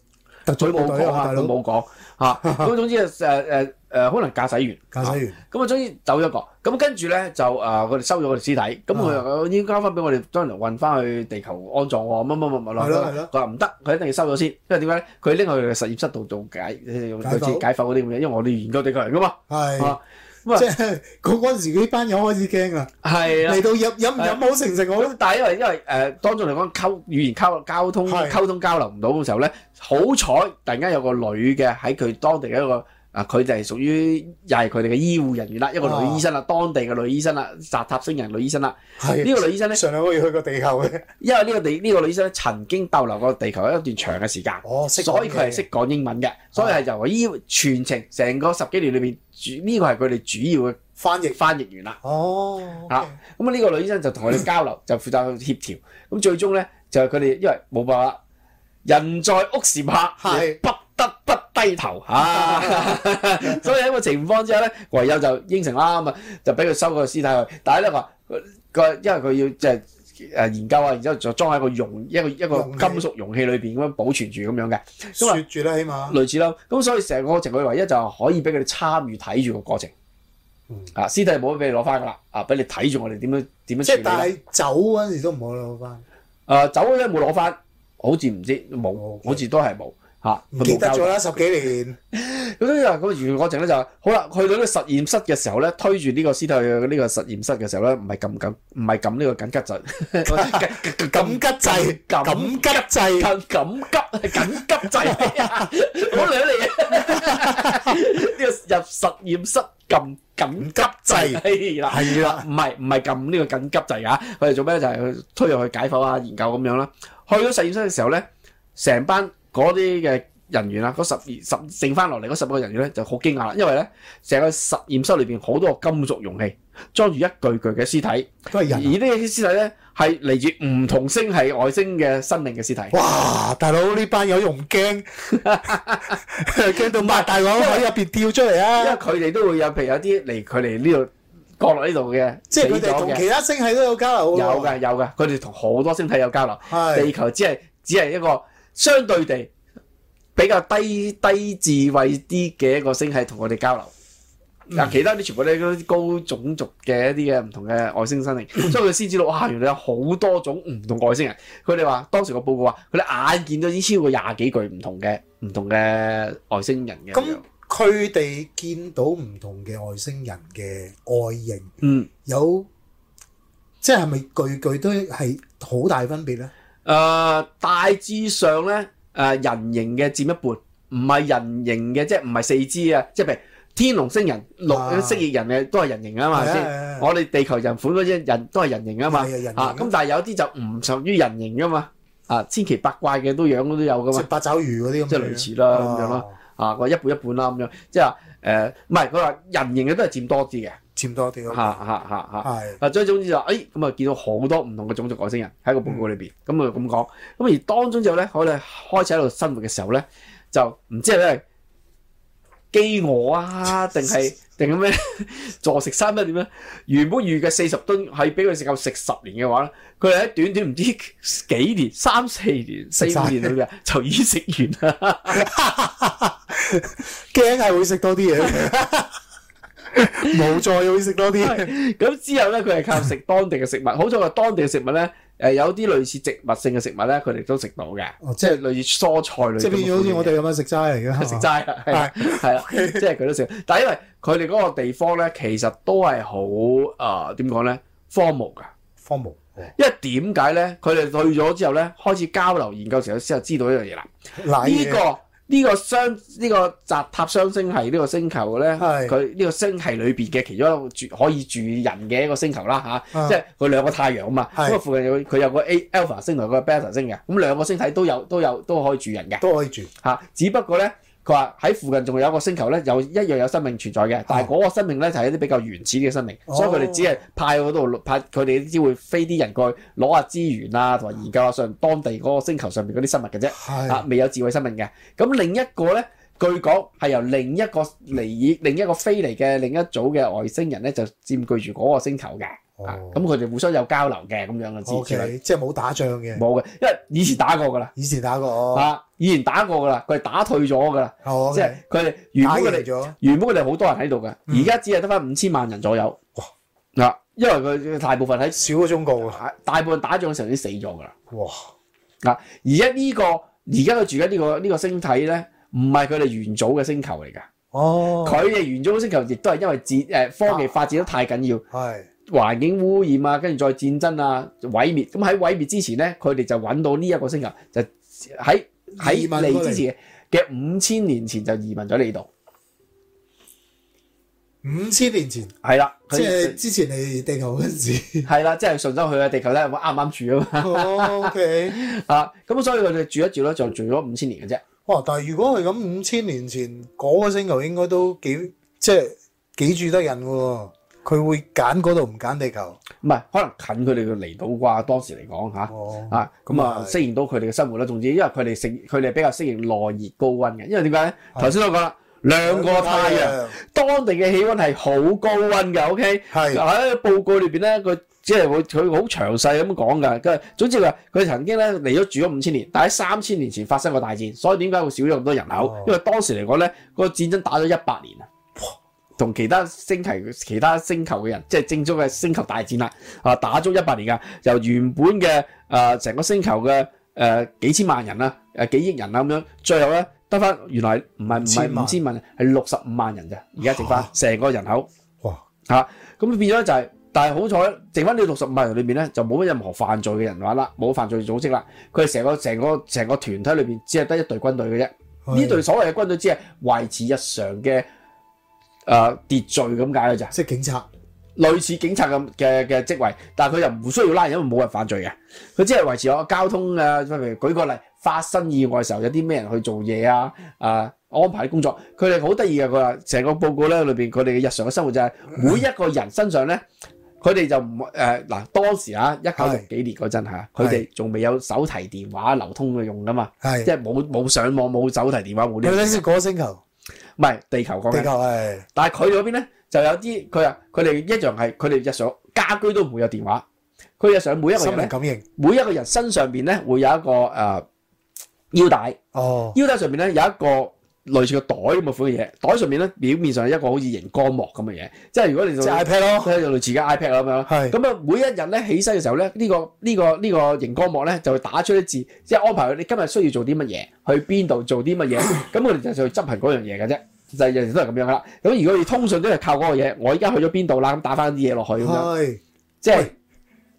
特嘴冇講嚇，冇講嚇。咁總之誒誒誒，可能駕駛員，駕駛員。咁啊，終於走咗個。咁跟住咧就誒，我哋收咗佢哋屍體。咁佢已經交翻俾我哋，將來運翻去地球安葬喎。乜乜乜乜，佢話唔得，佢一定要收咗先。因為點解咧？佢拎去實驗室度做解，解剖嗰啲咁嘅。因為我哋研究地球人噶嘛。係。咁啊，即係嗰嗰陣時，呢班友開始驚啊。係。嚟到飲飲飲冇成成但係，因為因為誒，當中嚟講溝語言溝交通溝通交流唔到嘅時候咧。好彩，突然間有個女嘅喺佢當地嘅一個啊，佢就係屬於又係佢哋嘅醫護人員啦，啊、一個女醫生啦，當地嘅女醫生啦，澤塔星人女醫生啦。係呢是個女醫生咧，上兩個月去過地球嘅。因為呢、呢個地呢、呢個女醫生咧，曾經逗留過地球一段長嘅時間。哦，所以佢係識講英文嘅，是的所以係由佢全程成個十幾年裏邊，呢個係佢哋主要嘅翻譯翻譯，翻譯員啦。哦，嚇、okay、咁啊！呢、嗯這個女醫生就同佢哋交流，就負責去協調。咁 最終咧，就係佢哋因為冇辦法。人在屋檐下，是不得不低頭。啊、 所以喺個情況之下咧，唯有就應承啦。咁啊，就俾佢收個屍體去。但係咧話，因為佢要即係誒研究啊，然之後就裝喺個容一個一個金屬容器裏邊咁樣保存器為住咁樣嘅。咁啊，起碼類似啦。咁所以成個程序唯一就可以俾佢哋參與睇住個過程。啊、嗯，屍體冇俾你攞翻噶啦。啊，俾你睇住我哋點樣點樣處理咧。但係走嗰陣時都唔好攞翻。誒、呃，走咧冇攞翻。好似唔知冇，好似都係冇嚇。記得咗啦，十幾年。咁所以話個演講程咧就好啦，去到實驗個，去個實驗室嘅時候咧，推住呢個屍體去呢個實驗室嘅時候咧，唔係撳緊，唔係撳呢個緊急掣制。緊 急掣制，緊 急掣，緊急緊急掣。 好嚟啊，呢個入實驗室撳緊急掣係啦，係啦，唔係唔係撳呢個緊急掣啊！佢哋做咩就係、係、去推入去解剖啊、研究咁樣啦。去咗實驗室嘅時候咧，成班嗰啲嘅人員啊，嗰十二十剩翻落嚟嗰十個人員咧就好驚訝啦，因為咧成個實驗室裏面好多個金屬容器裝住一具具嘅屍體，都係人啊，而呢啲屍體咧係嚟自唔同星系外星嘅生命嘅屍體。哇！大佬呢班有用驚？驚 到擘大個口喺入邊跳出嚟啊！因為佢哋都會有，譬如有啲嚟佢哋呢度。角落呢度嘅，即係佢哋同其他星系都有交流的有的。有嘅有嘅，佢哋同好多星體有交流。是的地球只係只係一個相對地比較低低智慧啲嘅一個星系同我哋交流。嗱、嗯，其他啲全部都係高種族嘅一啲嘅唔同嘅外星生命，嗯、所以佢先知道哇，原來有好多種唔同外星人。佢哋話當時個報告話，佢哋眼見到已經超過廿幾具唔同嘅唔同嘅外星人嘅樣。佢哋見到唔同嘅外星人嘅外形，嗯，有即係咪句句都係好大分別咧？誒、呃，大致上咧誒、呃，人形嘅佔一半，唔係人形嘅即係唔係四肢啊？即係譬如天龍星人、龍、啊、蜥蜴人嘅都係人形啊嘛，先、啊啊啊、我哋地球人款嗰啲人都係人形啊嘛，嚇！咁、啊、但係有啲就唔屬於人形噶嘛，啊，千奇百怪嘅都樣都有噶嘛，八爪魚嗰啲即係類似啦，咁樣咯。啊！佢一半一半啦咁樣，即係誒，唔係佢話人形嘅都係佔多啲嘅，佔多啲。嚇嚇嚇嚇。係。嗱，是總之總之、哎、就，誒咁啊，見到好多唔同嘅種族外星人喺個報告裏邊，咁啊咁講，咁而當中之後咧，我哋開始喺度生活嘅時候咧，就唔知係咧飢餓啊定係。 定咁咩？坐食三不點咧？原本預計四十噸，係俾佢食夠食十年嘅話咧，佢係短短唔知幾年，三四年，四五年咁嘅，就已經食完啦。驚係會食多啲嘢，冇 再會食多啲。咁之後咧，佢係靠食當地嘅食物。 好彩佢當地嘅食物咧。誒、呃、有啲類似植物性嘅食物咧，佢哋都食到嘅、哦，即係類似蔬菜類。即係變咗好似我哋咁樣食齋嚟嘅，食齋係啊，即係佢都食。但係因為佢哋嗰個地方咧，其實都係好，啊點講咧，荒蕪㗎，荒、呃、蕪。Form al, 因為點解咧？佢哋、哦、去咗之後咧，開始交流研究時候先後知道一樣嘢啦。呢嗱、呢個呢個雙呢、這個澤塔雙星系呢個星球嘅咧，佢呢是個星系裏邊嘅其中一住可以住人嘅一個星球啦吓，啊、即係佢兩個太陽啊嘛，咁啊是附近有佢有個 Alpha 星同個 Beta 星嘅，咁兩個星體都有都有都可以住人嘅，都可以住吓，只不過咧。佢話喺附近仲有一個星球咧，又一樣有生命存在嘅，但係嗰個生命咧就係一啲比較原始嘅生命，哦、所以佢哋只係派去派佢哋啲資會飛啲人過去攞下資源啊，同埋研究下上當地嗰個星球上面嗰啲生物嘅啫，是啊，未有智慧生命嘅。咁另一個咧。據講係由另一個嚟，另一個飛嚟嘅另一組嘅外星人咧，就佔據住嗰個星球嘅。咁佢哋互相有交流嘅，咁樣嘅知。Okay. 即係冇打仗嘅。冇嘅，因為以前打過噶啦、oh. 啊。以前打過的。哦，嚇，以前打過噶啦，佢係打退咗噶啦。Oh. Okay. 即係佢哋原本。原本佢哋好多人喺度嘅，而家只係得翻五千萬人左右。嗱、嗯，因為佢大部分喺少咗中國大部分打仗嘅時候已經死咗噶啦。哇！嗱、啊，而家呢個而家佢住喺呢、呢個呢、呢個星體咧。唔係佢哋原祖嘅星球嚟噶，佢哋、哦、原祖嘅星球亦都係因為自誒，科技發展得太緊要，係環、啊、境污染啊，跟住再戰爭啊，毀滅。咁喺毀滅之前咧，佢哋就揾到呢一個星球，就喺喺嚟之前嘅五千年前就移民咗嚟度。五千年前係啦，即係了之前嚟地球嗰陣時係啦，即係順州去嘅地球咧，我啱啱住啊嘛。O K 啊，咁、okay、 所以佢哋住一住咧，就住咗五千年嘅啫。但係如果係咁，五千年前嗰個星球應該都幾即係幾住得人喎？佢會揀嗰度唔揀地球，唔係可能近佢哋嘅離島啩？當時嚟講吓，哦、啊，咁啊是適應到佢哋嘅生活啦。總之因為佢哋適佢哋比較適應耐熱高溫嘅，因為點解頭先都講啦，兩個太陽，的的當地嘅氣温係好高溫㗎。OK，喺的報告裏邊咧，佢。即係會佢好詳細咁講噶，佢總之話佢曾經咧嚟，咗住咗五千年，但係三千年前發生過大戰，所以點解會少咗咁多人口？哦、因為當時嚟講咧，嗰、嗰個戰爭打咗一百年啊，同哇其，其他星球其他星球嘅人，即係正宗嘅星球大戰啦，啊，打足一百年噶，由原本嘅誒成個星球嘅誒、呃、幾千萬人啊，誒幾億人啊咁樣，最後咧得翻原來唔係唔係五千萬，係六十五萬人啫，而家剩翻成個人口哇吓，咁、啊、變咗就係、係。但係好彩，剩翻呢六十五萬人裏面咧，就冇乜任何犯罪嘅人玩啦，冇犯罪的組織啦。佢係成個成個成個團體裏邊，的這所的只係得一隊軍隊嘅啫。呢隊所謂嘅軍隊，只係維持日常嘅誒、呃、秩序咁解噶咋？即係警察，類似警察嘅嘅嘅職位，但係佢又唔需要拉人，因為冇人犯罪嘅。佢只係維持我個交通啊。譬如舉個例，發生意外嘅時候，有啲咩人去做嘢啊？啊、呃，安排工作。佢哋好得意嘅，佢話成個報告咧裏邊，佢哋嘅日常嘅生活就係每一個人身上咧。佢哋就唔誒嗱，當時啊，一九六幾年嗰陣啊，佢哋仲未有手提電話流通嘅用噶嘛，是即係冇冇上網、冇手提電話嗰啲。什麼你睇下嗰個星球，唔係地球講嘅。地球係。球但係佢嗰邊咧，就有啲佢啊，佢哋一樣係佢哋日常家居都唔會有電話。佢日常每一個人，感應每一個人身上邊咧會有一個誒、呃、腰帶。哦，腰帶上面咧有一個。類似個袋咁嘅款嘅嘢，袋上面咧表面上係一個好似熒光幕咁嘅嘢，即係如果你用，就 iPad 咯，類似嘅 iPad 咁樣。係。咁啊，每一日咧起身嘅時候咧，呢個呢個呢個熒光幕咧就會打出啲字，即係安排你今日需要做啲乜嘢，去邊度做啲乜嘢，咁我哋就就去執行嗰樣嘢嘅啫，就係、日日都係咁樣啦。咁如果你通訊都係靠嗰個嘢，我依家去咗邊度啦，咁打翻啲嘢落去咁樣。係是。即係是，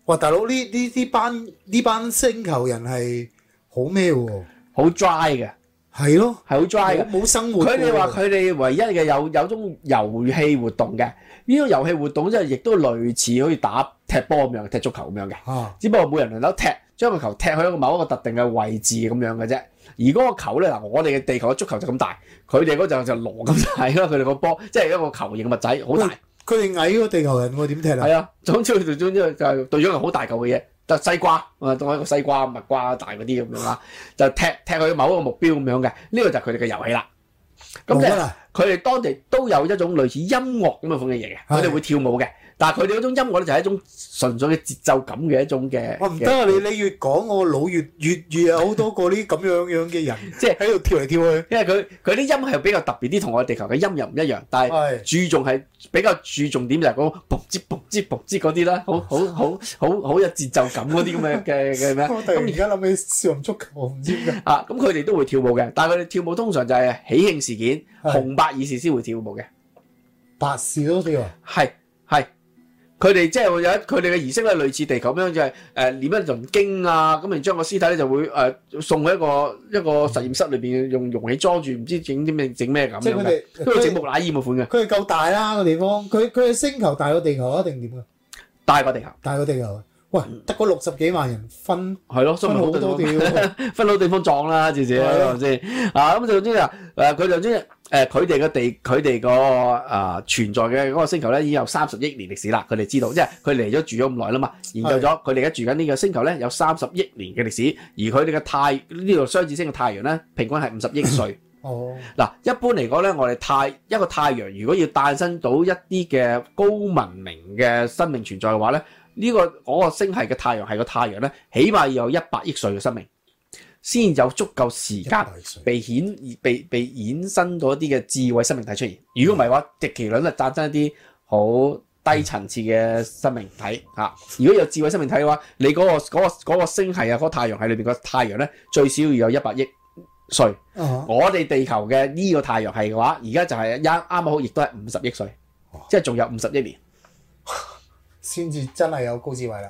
喂大佬，呢呢呢班呢班星球人係好咩喎、啊？好 dry 嘅。係咯，係好 dry，冇生活。佢哋話佢哋唯一嘅有有種遊戲活動嘅，呢、呢個遊戲活動即係亦都類似好似打踢波咁樣，踢足球咁樣嘅。啊、只不過每人輪流踢，將個球踢去某一個特定嘅位置咁樣嘅啫。而嗰個球咧，嗱，我哋嘅地球嘅足球就咁大，佢哋嗰就就羅咁大啦。佢哋個波即係一個球形物仔，好大。佢哋矮個地球人喎，點踢啊？係啊，總之總之就係對咗個好大嚿嘅嘢。就西瓜，啊，當一個西瓜、蜜瓜大嗰啲咁樣啦，就踢踢去某一個目標咁樣嘅，呢個就佢哋嘅遊戲啦。咁即係佢哋當地都有一種類似音樂咁嘅款嘅嘢嘅，佢哋會跳舞嘅。但係佢哋嗰種音樂咧，就係一種純粹嘅節奏感嘅一種嘅。我唔得啊！你你越講我老越越越有好多個呢咁樣樣嘅人，即係喺度跳嚟跳去。因為佢佢啲音係比較特別啲，同我哋地球嘅音又唔一樣。但係注重係比較注重點就係嗰種嘣之嘣之嘣嗰啲啦，好好好好好有節奏感嗰啲咁嘅嘅嘅咩？咁而家諗起少林足球，我唔知啊！咁佢哋都會跳舞嘅，但佢哋跳舞通常就係喜慶事件、紅白二事先會跳舞嘅。白事都跳？係係。佢哋即係會有佢哋嘅儀式咧，類似地球咁樣，就係、是、誒、呃、唸一輪經啊，咁然將個屍體咧就會、呃、送去一個一個實驗室裏面，用容器裝住，唔知整啲咩整咩咁樣嘅。係整木乃伊嘅款嘅。佢係夠大啦個地方，佢佢嘅星球大過地球啊？定點啊？大過地球，大過地球。喂，得嗰六十幾萬人分係咯，的分好多分到地， 地方撞啦，自己係咪先？的的啊，咁就即係誒，佢就即係誒，佢哋個地，佢哋個啊存在嘅嗰個星球咧，已經有三十億年歷史啦。佢哋知道，即係佢嚟咗住咗咁耐啦嘛，研究咗佢哋而家住緊呢個星球咧，有三十億年嘅歷史。而佢哋嘅太呢個雙子星嘅太陽咧，平均係五十億歲。哦，嗱，一般嚟講咧，我哋太一個太陽，如果要誕生到一啲嘅高文明嘅生命存在嘅話咧，呢個嗰個星系嘅太陽係個太陽咧，起碼要有一百億歲嘅生命。先有足夠時間被顯被被衍生到一啲嘅智慧生命體出現。如果唔係話，極其可能產生一啲好低層次嘅生命體嚇。嗯、如果有智慧生命體嘅話，你嗰、嗰個嗰、嗰個嗰個嗰個、星系啊，嗰、嗰個太陽系裏邊，個太陽咧，最少要有一百億歲。啊、我哋地球嘅呢個太陽系嘅話，而家就係啱啱好，亦都係五十億歲，即係仲有五十億年先至真係有高智慧啦。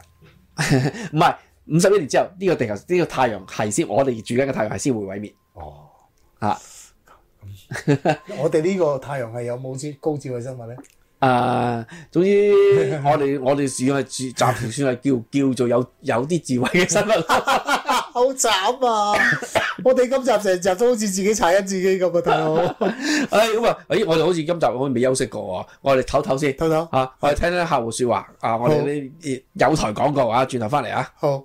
唔係。 五十一年之後，呢個地球、呢個太陽系先，我哋住緊嘅太陽系先會毀滅。哦，嚇！我哋呢個太陽系有冇先高智慧生物咧？誒，總之我哋我哋算係集集算係叫叫做有有啲智慧嘅生物。好慘啊！我哋今集成集都好似自己踩緊自己咁啊，大佬。誒咁啊，咦！我哋好似今集好似未休息過啊！我哋唞唞先，唞唞嚇，我哋聽聽客戶説話啊！我哋啲有台廣告啊，轉頭翻嚟啊，好。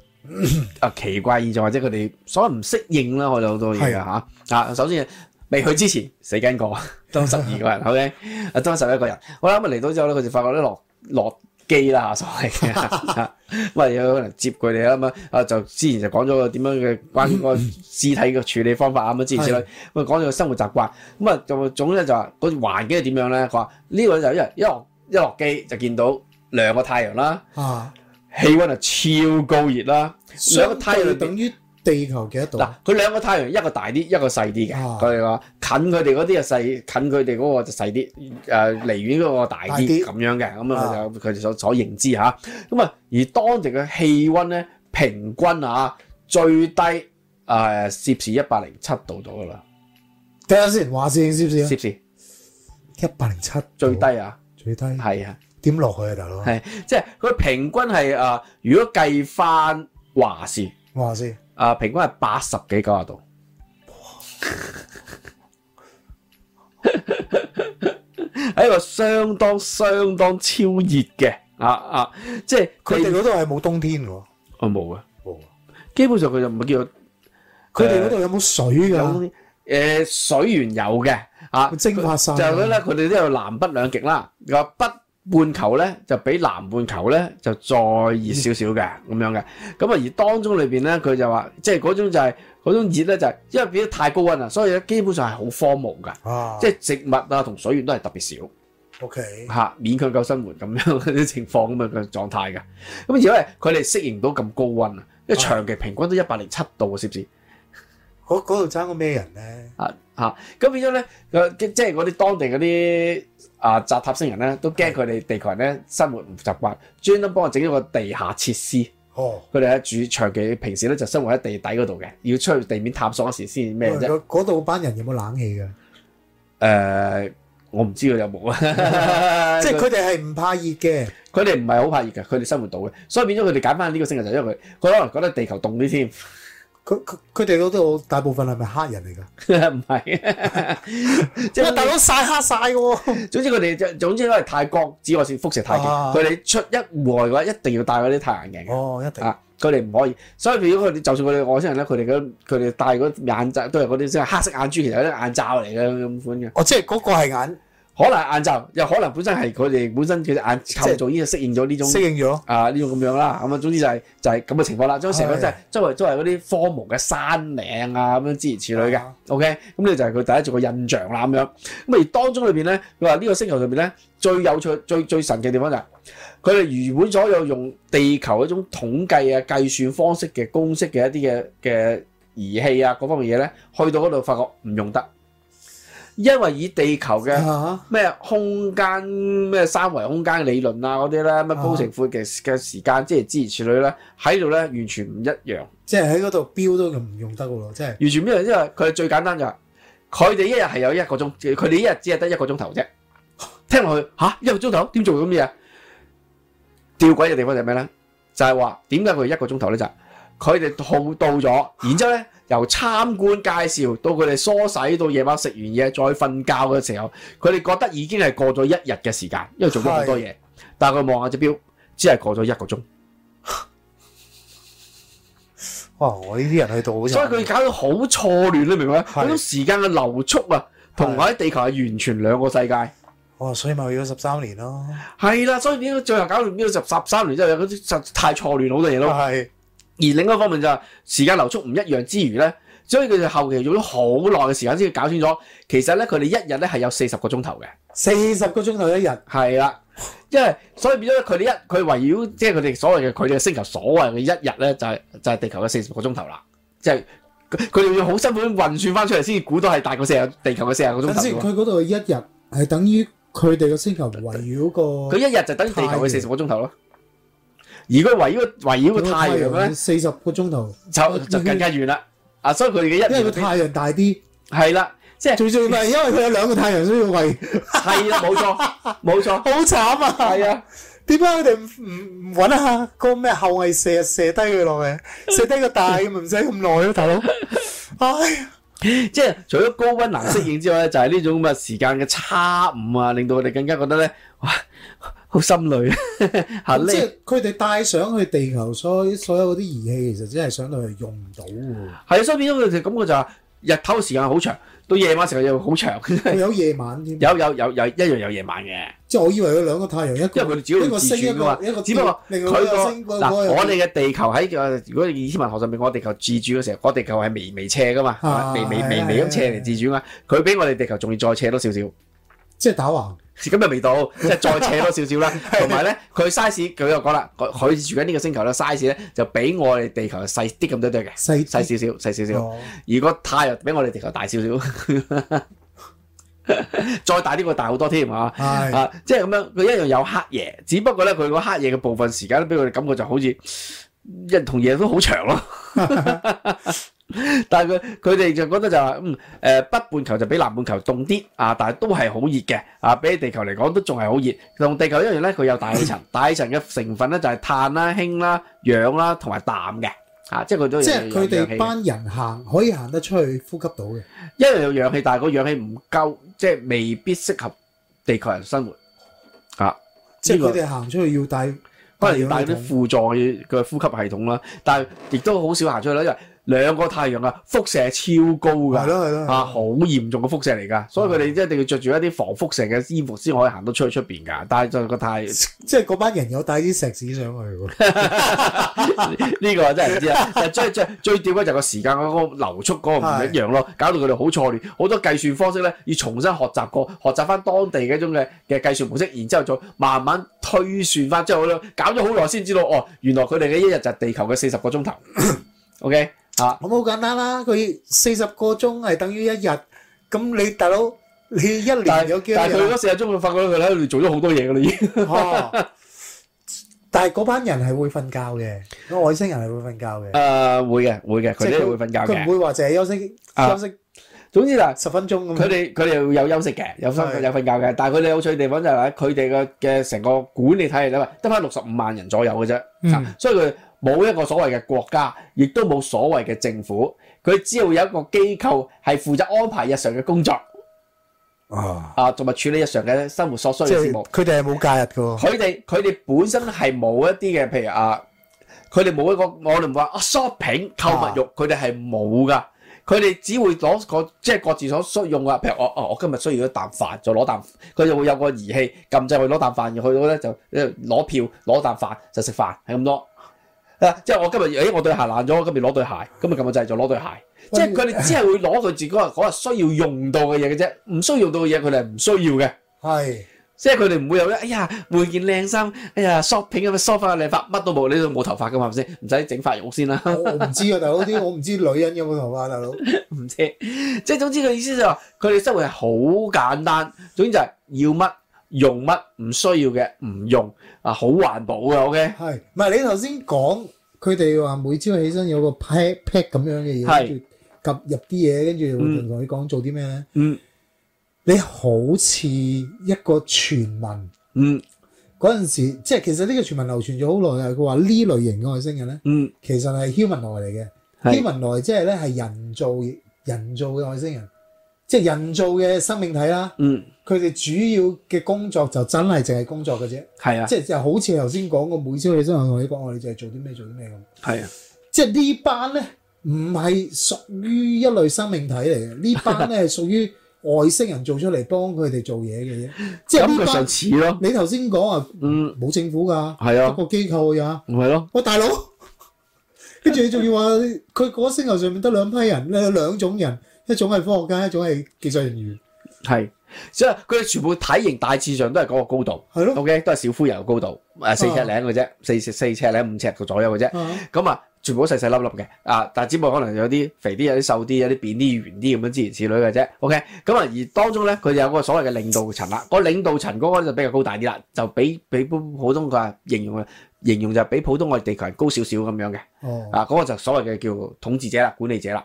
啊，奇怪現象，或者佢哋所謂唔適應啦，我哋好多嘢啊吓。啊，首先未去之前死緊過得十二個人，O K，啊，得十一個人。我咁啱嚟到之後咧，佢就發覺啲落落機啦，所謂嘅，咁啊有可能接佢哋啊咁啊。啊，就之前就講咗個點樣嘅關於個屍體嘅處理方法啊咁啊。之前之類，咁講咗個生活習慣。咁啊，總之呢就話個環境係點樣咧。佢話呢個就一落一落機就見到兩個太陽啦。啊。氣溫啊超高熱啦，兩個太陽等於地球幾多度？嗱，佢兩個太陽一個大啲，一個細啲嘅。佢哋話近佢哋嗰啲啊細，近佢哋嗰個就細啲。誒，離遠嗰個大啲咁樣嘅。咁佢就所所認知吓。咁啊，而當地嘅氣溫咧，平均啊最低誒攝氏一百零七度度噶啦。睇下先，話先，攝氏攝氏一百零七最低啊，最低係啊。最低點落去啊，大佬係即係佢平均係啊，如果計翻華氏，華氏啊，平均係八十幾九十度，係哇 一個相當相當超熱嘅啊啊！即係佢哋嗰度係冇冬天嘅，哦冇嘅，冇。的基本上佢就唔會叫，佢哋嗰度有冇水嘅？誒、呃，水源有嘅啊，蒸發晒就咁咧。佢哋都有南北兩極啦，個北。半球咧就比南半球咧就再熱少少嘅咁樣嘅，咁啊而當中裏邊咧佢就話即係嗰種就係、是、嗰種熱咧就係、是、因為變得太高溫啦，所以咧基本上係好荒蕪噶，啊、即係植物啊同水源都係特別少，OK 吓勉強夠生活咁樣啲情況咁樣嘅狀態嘅，咁而果係佢哋適應到咁高溫啊，因為長期平均都一百零七度啊，是不是？嗰度爭個咩人咧？啊。嚇！咁變咗咧，個即係嗰啲當地嗰啲啊，澤塔星人咧都驚佢哋地球人咧生活唔習慣，的專登幫佢整咗個地下設施。哦！佢哋喺住長期平時咧就生活喺地底嗰度嘅，要出去地面探索嗰時先。咩嗰度班人有冇冷氣嘅？誒、呃，我唔知佢有冇啊！即係佢哋係唔怕熱嘅，佢哋唔係好怕熱嘅，佢哋生活到嘅，所以變咗佢哋揀翻呢個星球就因為佢，佢可能覺得地球凍啲添。佢佢哋嗰度大部分係咪黑人嚟㗎？唔係，即係大佬晒黑晒嘅喎。總之佢哋就總之都係泰國紫外線輻射太極，佢哋、啊、出一戶外嘅話一定要戴嗰啲太陽鏡的。哦，一定。啊，佢哋唔可以。所以如果佢哋就算佢哋外星人咧，佢哋佢哋戴嗰眼罩都係嗰啲即係黑色眼珠，其實啲眼罩嚟嘅咁款嘅。哦，即係嗰個係眼。可能晏晝，又可能本身係佢哋本身其實眼球這即係做呢個適應咗呢、啊、種適應咗啊呢種咁樣啦，咁啊總之就係、是、就係咁嘅情況啦。種情況就係、是、周圍都係嗰啲荒蕪嘅山嶺啊，咁樣諸如此類嘅。的 OK，咁咧就係佢第一做個印象啦咁樣。咁而當中裏邊咧，佢話呢個星球上邊咧最有趣、最最神嘅地方就係佢哋原本所有用地球的一種統計啊、計算方式嘅公式嘅一啲嘅嘅儀器啊，各方面嘢咧，去到嗰度發覺唔用得。因為以地球嘅咩空間咩、啊、三維空間理論啊嗰啲咧，咩高成闊嘅嘅時間，即係諸如此類咧喺度咧，完全唔一樣，即係喺嗰度標都唔用得嘅，即係完全唔一樣，因為佢最簡單就係，佢哋一日係有一個鐘，佢哋一日只係得一個鐘頭啫。聽落去吓一個鐘頭，點做咁嘢？吊詭嘅地方就係咩咧？就係話點解佢一個鐘頭咧？就係佢哋耗到咗，然之後咧。啊啊由參觀介紹到佢哋梳洗，到夜晚食完嘢再瞓覺嘅時候，佢哋覺得已經係過咗一日嘅時間，因為做咗好多嘢。是的 但係佢望下隻表，只係過咗一個鐘。哇！我呢啲人去到，所以佢搞到好錯亂，你明唔明啊？嗰種是的 時間嘅流速啊，同喺地球係完全兩個世界。哦，所以咪去咗十三年咯。係啦，所以點解最後搞到呢個十十三年之後，有啲就太錯亂好多嘢咯。而另一方面就係、是、時間流速唔一樣之餘咧，所以佢哋後期用咗好耐嘅時間先至搞清楚，其實咧佢哋一日咧係有四十個鐘頭嘅，四十個鐘頭一日係啦，因為所以變咗佢哋一佢圍繞即係佢哋所謂嘅佢哋嘅星球所謂嘅一日咧就係、是、就係、是、地球嘅四十個鐘頭啦，即係佢哋要好辛苦運算翻出嚟先至估到係大概四日地球嘅四十個鐘頭。反正佢嗰度一日係等於佢哋嘅星球圍繞個，佢一日就是等於地球嘅四十個鐘頭咯。如果圍繞圍繞個太陽咧，四十個鐘頭就就更加遠啦。啊、就是，所以佢嘅一，因為個太陽大啲，係啦，即係最最尾，因為佢有兩個太陽需要圍係啊，冇錯冇錯好慘啊！係 啊，點解佢哋唔唔揾下個咩後羿射射低佢落去，射低，射低個大咪唔使咁耐咯，大佬 、哎呀。唉，即係除咗高溫難適應之外咧， 就係呢種咁嘅時間嘅差誤啊，令到我哋更加覺得咧。好心累，即係佢哋帶上去地球所所有嗰啲儀器，其實真係上到嚟用唔到喎。係啊，所以變咗佢哋感覺就係日頭時間好長，到夜晚時候又好長。有夜晚添？有有有有，一樣有夜晚嘅。即係我以為佢兩個太陽一個，呢個星一個，一個只不過佢、那個嗱，我哋嘅地球喺如果天文學上面，我地球自轉嘅時候，我地球係微微斜噶嘛，的微微微微咁斜嚟自轉噶。佢的比我哋地球仲要再斜多少少。即係打橫。咁又未到，即係再扯多少少啦。同埋咧，佢 size，佢又講啦，佢住緊呢個星球咧 ，size 咧就比我哋地球細啲咁多對嘅，細細少少，細少少。如果太陽比我哋地球大少少， 再大啲會大好多添啊！是啊，即係咁樣，佢一樣有黑夜，只不過咧，佢個黑夜嘅部分時間咧，俾我哋感覺就好似。人同嘢都好長咯， 但係佢，佢哋就覺得就話，誒，北半球就比南半球凍啲啊，但係都係好熱嘅啊，比起地球嚟講都仲係好熱。同地球一樣咧，佢有大氣層， 大氣層嘅成分咧就係碳啦、氫啦、氧啦同埋氮嘅吓，即係佢都即係佢哋班人行可以行得出去呼吸到嘅，一樣有氧氣，但係個氧氣唔夠，即係未必適合地球人生活，啊，即係佢哋行出去要帶。可能要帶啲輔助嘅呼吸系統啦，但亦都好少行出去啦，因為。兩個太陽啊，輻射係超高噶，係咯係咯，啊，好嚴重嘅輻射嚟噶，嗯、所以佢哋一定要着住一啲防輻射嘅衣服先可以行到出去出邊噶。但係就個太陽，即係嗰班人有帶啲石子上去，呢個真係唔知啊。 最最最屌就個時間個流速嗰個唔一樣咯，是搞到佢哋好錯亂，好多計算方式咧，要重新學習過，學習翻當地嘅一種嘅嘅計算模式，然之後再慢慢推算翻，之後搞咗好耐先知道哦，原來佢哋嘅一日就係地球嘅四十個鐘頭。 OK。啊！咁好簡單啦，佢四十個鐘係等於一日。咁你大佬，你一年有幾多日？但係佢咗四十鐘，我發覺咧，佢喺裏邊做咗好多嘢噶啦，已經。哦。但係嗰班人係會瞓覺嘅，個外星人係會瞓覺嘅。誒，會嘅，會嘅，佢哋係會瞓覺嘅。佢唔會話淨係休息休息。總之嗱，十分鐘咁。佢哋佢哋有休息嘅，有休息有瞓覺嘅。但係佢哋有趣嘅地方就係喺佢哋嘅嘅成個管，你睇嚟咧，得翻六十五萬人左右嘅啫。嗯。所以佢。冇一個所謂嘅國家，亦都冇所謂嘅政府，佢只要有一個機構係負責安排日常嘅工作。啊啊，同埋、啊、處理日常嘅生活所需嘅事務。佢哋係冇介入㗎。佢哋佢哋本身係冇一啲嘅，譬如啊，佢哋冇一個，我哋唔話 shopping 購物欲，佢哋係冇噶。佢哋只會攞個即係各自所需用啊。譬如我啊，我今日需要一啖飯，就攞啖，佢就會有個儀器撳掣去攞啖飯，而去到咧就攞票攞啖飯就食飯，係咁多。即係我今日誒、哎，我對鞋爛咗，我今日攞對鞋，咁咪撳個掣就攞對鞋。哎、即係佢哋只係會攞佢自己話嗰個需要用到嘅嘢嘅啫，唔需要用到嘅嘢佢哋係唔需要嘅。係是，即係佢哋唔會有咧，哎呀，每件靚衫，哎呀 shopping 咁 s Shop 啊梳髮靚髮乜都冇，你都冇頭髮嘅嘛係咪先？唔使整髮型先啦。我唔知啊大佬，啲我唔知女人有冇頭髮，大佬唔知。即係總之佢意思就係話，佢哋生活係好簡單。總之就係要乜。用乜唔需要嘅唔用啊，好環保嘅，OK。係，唔係你頭先講佢哋話每朝起身有個 pack pack 咁樣嘅嘢，跟住夾入啲嘢，跟住會同你講做啲咩咧？嗯，你好似一個傳聞。嗯，嗰陣時即係其實呢個傳聞流傳咗好耐嘅，佢話呢類型嘅外星人咧，嗯，其實係 humanoid 嚟嘅，humanoid 即係咧，係人造人造嘅外星人。即係人造嘅生命體啦，佢哋主要嘅工作就真係淨係工作嘅啫。係啊，即係就好似頭先講個每朝起身同你講我哋就係做啲咩做啲咩咁。係啊，即係呢班咧唔係屬於一類生命體嚟嘅，呢班咧係屬於外星人做出嚟幫佢哋做嘢嘅嘢。咁就似咯。你頭先講話，嗯，冇政府㗎，係啊，一個機構㗎，唔係咯。喂大佬，跟住你仲要話佢嗰星球上面得兩批人咧，有兩種人，一種係科學家，一種係技術人員。係，即係佢哋全部體型大致上都係嗰個高度。係咯，OK，都係小夫人的高度，四尺零嘅啫，四四尺零五尺嘅左右嘅啫。咁啊，全部都細細粒粒嘅啊，但係只不過可能有啲肥啲，有啲瘦啲，有啲扁啲、圓啲咁樣之類似類嘅啫。OK，咁啊，而當中咧，佢哋有個所謂嘅領導層啦，個領導層嗰個就比較高大啲啦，就比比普普通嘅形容嘅形容就係比普通嘅地球人高少少咁樣嘅。哦、啊，嗰個就所謂嘅叫統治者啦，管理者啦。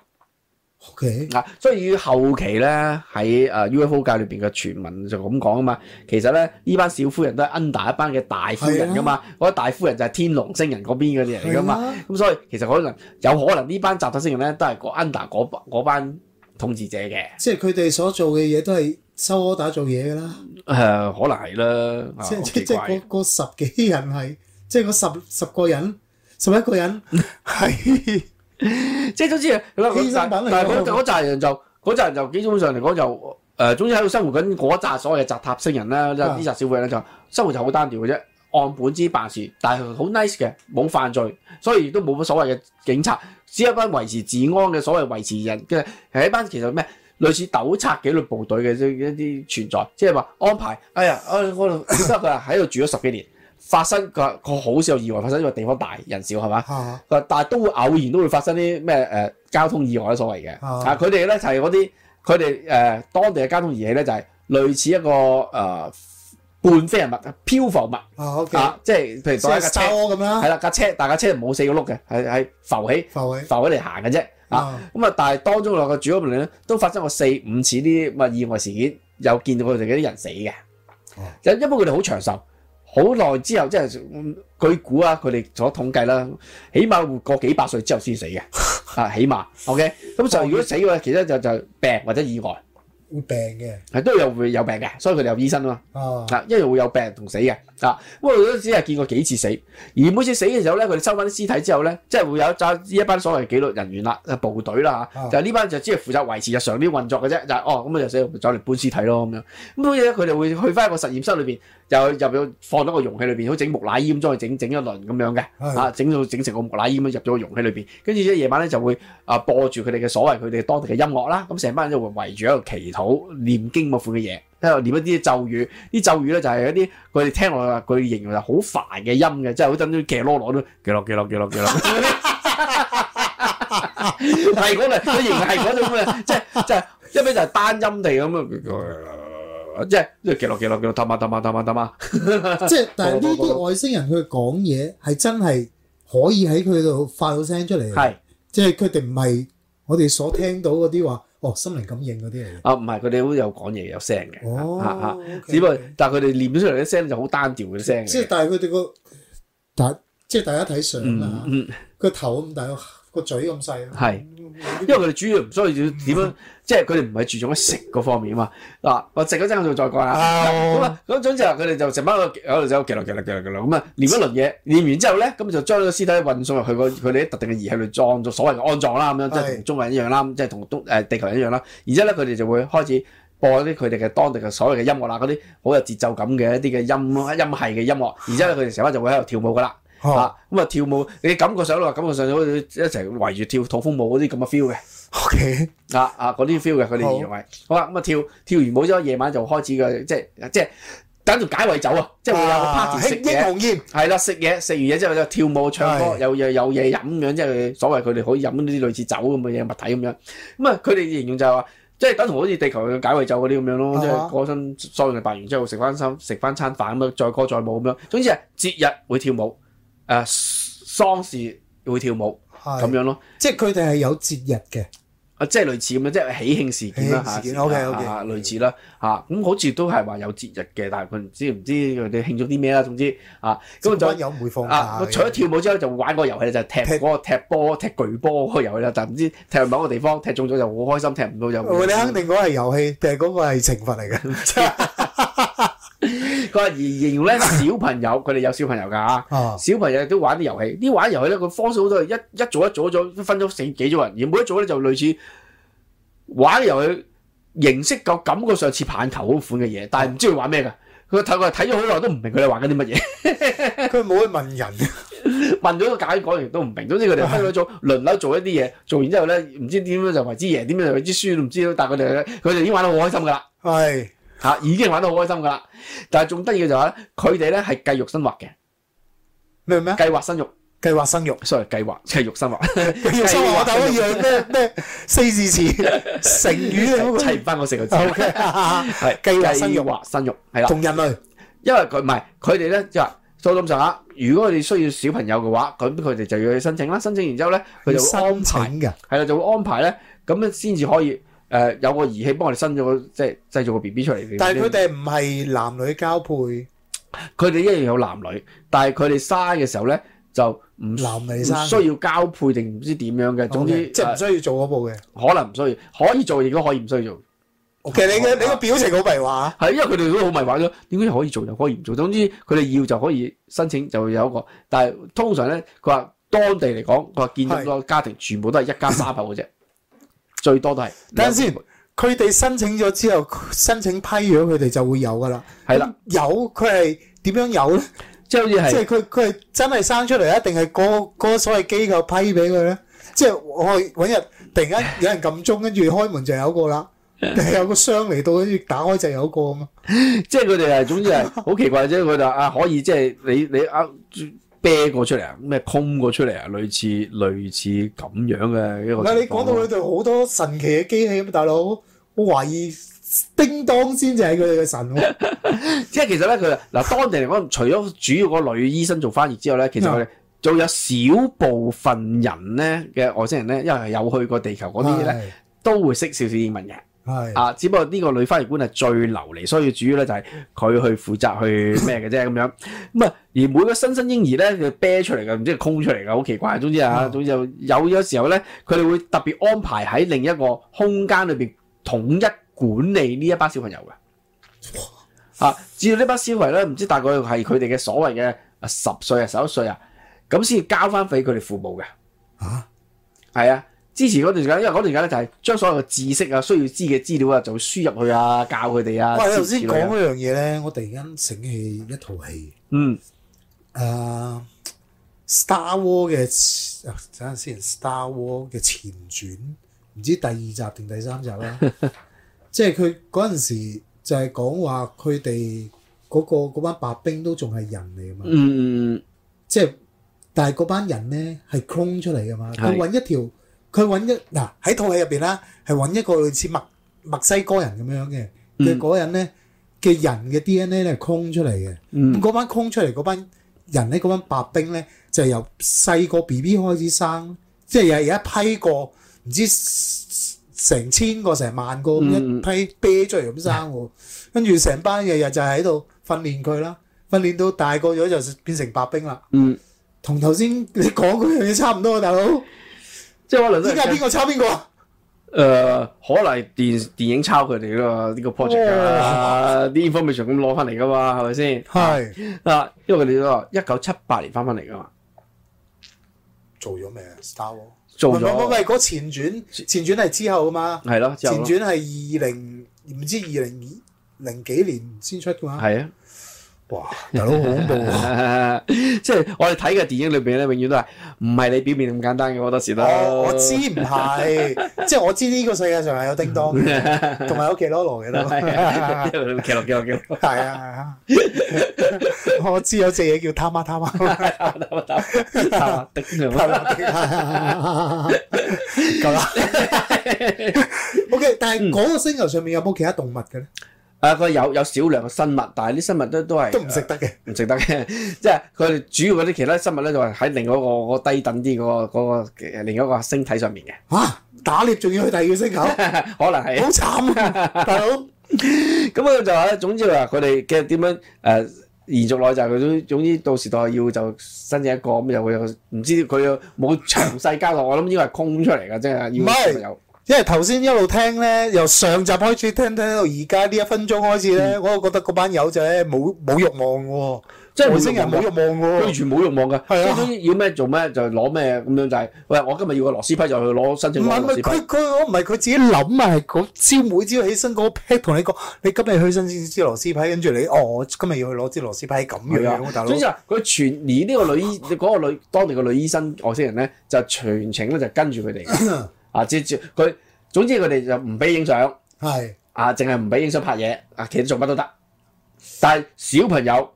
O.K. 嗱，所以後期咧喺誒 UFO 界裏邊嘅傳聞就咁講啊嘛，其實咧呢這班小夫人，都係 Under 一班嘅大夫人噶嘛，嗰得、啊、大夫人就係天龍星人嗰邊嗰啲人嚟噶嘛，咁、啊、所以其實可能有可能呢班澤塔星人咧，都係嗰 Under 嗰班嗰統治者嘅，即係佢哋所做嘅嘢都係收 Order 做嘢啦，誒、呃、可能係啦，即即即嗰十幾人係，即係嗰十十個人，十一個人係。 即係 總之，但係嗰嗰扎人就嗰扎 人就基本上嚟講就誒、呃，總之喺度生活緊嗰扎所謂嘅澤塔星人啦，呢扎啲小鬼咧，就生活就好單調嘅啫。按本之辦事，但係好 nice 嘅，冇犯罪，所以亦都冇乜所謂嘅警察，只有一班維持治安嘅所謂維持人嘅係一班其實咩類似糾察紀律部隊嘅一啲存在，即係話安排。 哎呀，我覺得佢喺度住咗十幾年。發生佢佢好少有意外，發生因為地方大人少，係嘛？佢、啊、但係都會偶然都會發生啲咩誒交通意外所謂嘅。啊，佢哋咧就係嗰啲佢哋誒當地嘅交通儀器咧，就係類似一個誒、呃、半飛人物、漂浮物啊，okay，啊，即係譬如一架車咁樣，係啦架車，但架車冇四個轆嘅，係係浮起浮起浮起嚟行嘅啫。啊咁啊，但係當中兩個主要命令咧，都發生過四五次啲咁嘅意外事件，又見到佢哋嗰啲人死嘅。因為佢哋好長壽。好耐之後，即係據估啊，佢哋所統計啦，起碼會過幾百歲之後先死嘅，啊， 起碼，OK。咁就如果死嘅，其實就就病或者意外，會病嘅，係都有會有病嘅，所以佢哋有醫生嘛，啊，因為，啊，一樣會有病同死嘅，啊，不過我都只係見過幾次死，而每次死嘅時候咧，佢哋收翻啲屍體之後咧，即係會有呢一班所謂嘅紀律人員啦，部隊啦嚇，啊、就呢班就只係負責維持日常啲運作嘅啫，就係、是、哦，咁啊，就死了，就嚟搬屍體咯咁樣，咁所以佢哋會去翻一個實驗室裏邊。又入咗放咗個容器裏邊，好整木乃伊咁，再整整一輪咁樣嘅，啊，整到整成個木乃伊咁入咗個容器裏邊，跟住一夜晚咧就會啊播住佢哋嘅所謂佢哋當地嘅音樂啦，咁成班人就會圍住喺度祈禱、念經嗰款嘅嘢，喺度念一啲咒語，啲咒語咧就係一啲佢哋聽落去話，佢形容係好煩嘅音嘅，即係好似啲騎螺螺都，騎螺騎螺騎螺騎螺，係嗰類，佢形容係嗰種嘅，即係即係一味就係單音地咁啊。即係記錄記錄記錄，得嘛得嘛得嘛得嘛。即係，但係呢啲外星人佢講嘢係真係可以喺佢度發到聲出嚟。係，即係佢哋唔係我哋所聽到嗰啲話，哦，心靈感應嗰啲嚟。啊，唔係，佢哋都有講嘢有聲嘅。哦，啊，只不過但係佢哋念出嚟嘅聲就好單調嘅聲。即係，但係佢哋個，但係即係大家睇相啦，嗯，個頭咁大。個嘴咁細啊！係，因為佢哋主要唔需要點樣， 即係佢哋唔係注重喺食嗰方面啊嘛。嗱，我食嗰陣我就再講啦。咁啊，嗰陣就佢哋就成班個喺度就騎嚟騎嚟騎嚟騎嚟咁啊，練一輪嘢，練完之後咧，咁就將個屍體運送入去佢哋喺特定嘅儀器裏裝做所謂嘅安葬啦，咁樣 即係同中國人一樣啦，即係同誒地球人一樣啦。然之後咧佢哋就會開始播一啲佢哋嘅當地嘅所謂嘅音樂啦，嗰啲好有節奏感嘅一啲嘅音音系嘅音樂。然之後咧佢哋成班就會喺度跳舞噶啦。啊咁啊跳舞，你感覺上都感覺上好似一齊圍住跳土風舞嗰啲咁嘅 feel 嘅。O Okay K 啊那些、oh. 啊嗰啲 feel 嘅佢哋認為好啦，咁啊跳跳完舞之後，夜晚就開始嘅、就是，就是就是 uh, 即係即係等同解穢酒啊，即係會有 party 食嘢。係啦，食嘢食完嘢之後就跳舞唱歌，的有有有嘢飲咁樣，即係、就是、所謂佢哋可以飲呢啲類似酒咁嘅嘢物體咁樣。咁啊佢哋形容就係、是、話，即、就、係、是、等同好似地球嘅解穢酒嗰啲咁樣咯，即係過身收完白完之後食翻餐食翻餐飯咁樣，載歌載舞咁樣。總之係節日會跳舞。誒喪事會跳舞咁樣咯，即係佢哋係有節日嘅，啊即係類似咁樣，即係喜慶事件啦件，OK OK，類似啦嚇，咁好似都係話有節日嘅，但係佢唔知唔知佢哋慶祝啲咩啦，總之啊，咁就有唔會放假。啊，除咗跳舞之後，就玩個遊戲就踢波、踢波、踢巨波個遊戲啦，但係唔知踢喺某個地方踢中咗就好開心，踢唔到就，你肯定嗰係遊戲，定係嗰個係懲罰嚟嘅。佢話而形容咧小朋友，佢哋 有小朋友噶啊，小朋友都玩啲遊戲，啲玩遊戲咧個方式好多，一一組一組一組都分咗成幾組人，而每一組咧就類似玩嘅遊戲，形式夠感覺上似棒球款嘅嘢，但係唔知佢玩咩嘅。佢睇我睇咗好耐都唔明佢哋玩緊啲乜嘢。佢冇 去問人、啊， 問咗個解講完都唔明。總之佢哋分咗組輪流做一啲嘢，做完之後咧唔知點樣就為之贏，點樣就為之輸唔知。但佢哋佢哋已經玩得好開心㗎啦。係。吓、啊，已經玩得好開心噶啦。但係仲得意嘅就係咧，佢哋咧係繼續生劃嘅咩咩？計劃生育，計劃生育，sorry，計劃生育，生育。我就可以用咩咩四字詞成語嚟，砌唔翻嗰四個字。O K，係計劃生育，生育係啦，同人類，因為佢唔係佢哋咧，就係蘇咁上下。如果佢哋需要小朋友嘅話，咁佢哋就要去申請啦。申請完之後咧，佢就會安排嘅，係啦，就會安排咧，咁樣先至可以。誒、呃、有個儀器幫我哋生咗，即係製造個 B B 出嚟。但係佢哋唔係男女交配，佢哋一樣有男女，但係佢哋生嘅時候咧就唔男唔需要交配定唔知點樣嘅，okay, 總之、呃、即係唔需要做嗰步嘅。可能唔需要，可以做亦都可以唔需要做。其實、okay, 你嘅你個表情好迷惑。係 因為佢哋都好迷惑咗。點解可以做就可以唔做？總之佢哋要就可以申請就會有一個，但係通常咧，佢話當地嚟講，佢話建立咗家庭全部都係一家三口嘅啫。 最多都係等陣等先，佢哋申請咗之後，申請批咗佢哋就會有噶啦，係啦的，有佢係點樣有咧？即係是即佢佢係真係生出嚟啊？定係嗰所謂機構批俾佢咧？ 即係我揾日突然間有人撳鍾，跟住 開門就有個個啦，定係 有個箱嚟到跟住打開就有個個啊嘛？ 即係佢哋係，總之係好奇怪啫。佢 就啊可以，即係你你啊。孭過出嚟啊，咩空過出嚟啊，類似類似咁樣嘅一個。嗱，你講到佢哋好多神奇嘅機器，大佬，我懷疑叮噹先至係佢哋嘅神。即係其實咧，佢嗱，當地嚟講，除咗主要個女醫生做翻譯之外咧，是的 其實佢哋仲有少部分人咧嘅外星人咧，因為有去過地球嗰啲咧，是的 都會識少少英文嘅。係啊，是只不過呢個女翻譯官係最流利，所以主要咧就係佢去負責去咩嘅啫咁樣。咁啊，而每個新生嬰兒咧，佢啤出嚟噶，唔知係空出嚟噶，好奇怪。總之啊，總之有有時候咧，佢哋會特別安排喺另一個空間裏邊統一管理呢一班小朋友嘅。啊，至於呢班小朋友咧，唔知大概係佢哋嘅所謂嘅啊十歲啊十一歲啊，咁先交翻俾佢哋父母嘅。吓，係啊。支持嗰段時間，因為嗰段時間咧就係將所有嘅知識啊、需要知嘅資料啊，就輸入去啊、教佢哋啊。喂，頭先講嗰樣嘢咧，我突然間醒起一套戲。嗯。誒，uh，《Star War》嘅啊，等陣先，《Star War》嘅前傳，唔知第二集定第三集啦。即係佢嗰陣時就係講話，佢哋嗰班白兵都仲係人嚟啊嘛。嗯嗯。即係，但係嗰班人咧係 clone 出嚟噶嘛？佢揾是一條。佢揾一嗱喺套戲入邊啦，係揾一個類似墨墨西哥人咁樣嘅，嘅嗰、嗯、人咧嘅人嘅 DNA 咧係空出嚟嘅。咁嗰、嗯、班空出嚟嗰班人咧，嗰班白兵咧就係、由細個 BB 開始生，即係有有一批個唔知成千個成萬個咁、嗯、一批啤嚟咁生喎。跟住成班日日就喺度訓練佢啦，訓練到大個咗就變成白兵啦。嗯，同頭先你講嗰樣嘢差唔多啊，大佬。即係話輪都，點解邊個抄邊個、啊？誒、呃，可能電電影抄佢哋咯，呢個 project 啦，啲 information 咁攞翻嚟噶嘛，係咪先？係嗱是，因為佢哋都話一九七八年翻翻嚟噶嘛，做咗咩 Star、Wars、做咗了？唔係，嗰前傳前傳係之後啊嘛，係咯，前傳係二零唔知二零零幾年先出噶嘛，係啊。哇，大佬好恐怖啊！ 即係我哋睇嘅電影裏邊咧，永遠都係唔係你表面咁簡單嘅，好多時都、哦、我知唔係， 即係我知呢個世界上係有叮當，同埋 有騎羅羅嘅，啦，騎叫係啊，我知有隻嘢叫他媽他媽，貪媽媽啦。 o、okay, K，但係嗰個星球上面有冇其他動物嘅咧？啊！佢有有少量嘅生物，但係啲生物都都係都唔食得嘅，啊，唔食得嘅。即係佢哋主要嗰啲其他生物咧，就話、是、喺另外一個、嗰個低等啲嗰、嗰個嗰、嗰個另一個星體上面嘅。哇！打獵仲要去第二個星球， 可能係是好慘嘅，啊， 大佬。咁啊就係，總之話佢哋嘅點樣誒、呃、延續耐就係、是、總總之到時代要就申請一個咁又會有，唔知佢有冇詳細交落，我諗呢個係空出嚟嘅，真係 要有。因為頭先一路聽咧，由上集開始聽聽到而家呢一分鐘開始咧，嗯、我就覺得嗰班友仔冇冇欲望嘅，即係外星人冇欲望嘅，完全冇欲望嘅。係啊、嗯，最終要咩做咩就攞咩咁樣就係、是。喂，我今日要個螺絲批就去攞申請佢，佢我唔係佢自己諗啊，係嗰朝每朝起身嗰 pat 同你講，你今日去申請支螺絲批，跟住你哦，我今日要去攞支螺絲批咁樣。係啊，我大佬。所以佢全連呢個女嗰、啊、個女當地個女醫生外星人咧，就全程咧就跟住佢哋。啊！即係佢，總之佢哋就唔俾影相，係是啊，淨係唔俾影相拍嘢，啊，其實做乜都得。但係小朋友，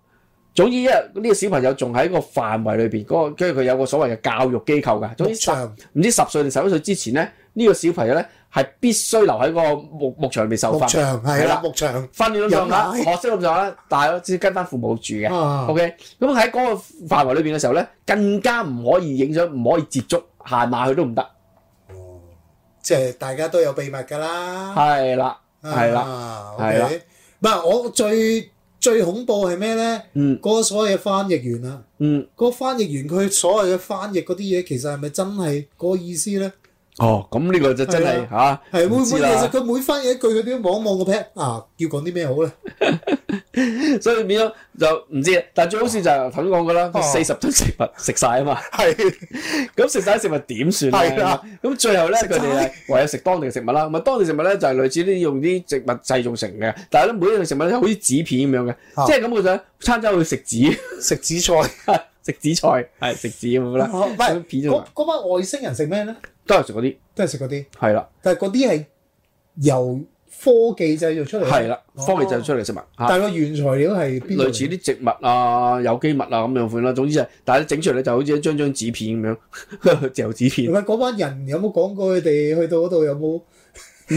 總之一，呢個小朋友仲喺個範圍裏邊，嗰、嗰個即佢有個所謂嘅教育機構嘅。總之唔場知十歲定十一歲之前咧，呢、呢個小朋友咧係必須留喺個牧牧場裏邊受訓。場係啦，牧場訓練都做唔得，學識都做唔得，但係只跟翻父母住嘅。啊、OK，咁喺嗰個範圍裏邊嘅時候咧，更加唔可以影相，唔可以接觸，行埋去都唔得。即係大家都有秘密噶啦，係啦，係啦，係啦、啊。唔、okay、係我最最恐怖係咩咧？嗯，嗰個所謂嘅「翻譯員啦，嗯，嗰個翻譯員佢所謂嘅翻譯嗰啲嘢，其實係咪真係嗰個意思咧？哦，咁呢個就真係吓，係會唔會其實佢每翻譯一句，佢都望一望個 pad 啊，要講啲咩好咧？所以變咗，就唔知，但係最好笑就係頭先講過啦，四十種食物食晒啊嘛。係咁食晒食物點算咧？咁最後咧，佢哋係唯有食當地嘅食物啦。咪當地食物咧就係類似啲用啲植物製造成嘅。但係咧，每樣食物咧好似紙片咁樣嘅，即係咁佢就餐餐去食紙、食紫菜、食紫菜，係食紙咁啦。唔係嗰班外星人食咩咧？都係食嗰啲，都係食嗰啲。係啦了，但係嗰啲係由科技製造出嚟，係啦，科技製造出嚟嘅食物。啊、但係個原材料係類似啲植物啊、有機物啊咁樣款啦。總之就係，但係整出嚟就好似一張張紙片咁樣，嚼紙片。唔係嗰班人有冇講過佢哋去到嗰度有冇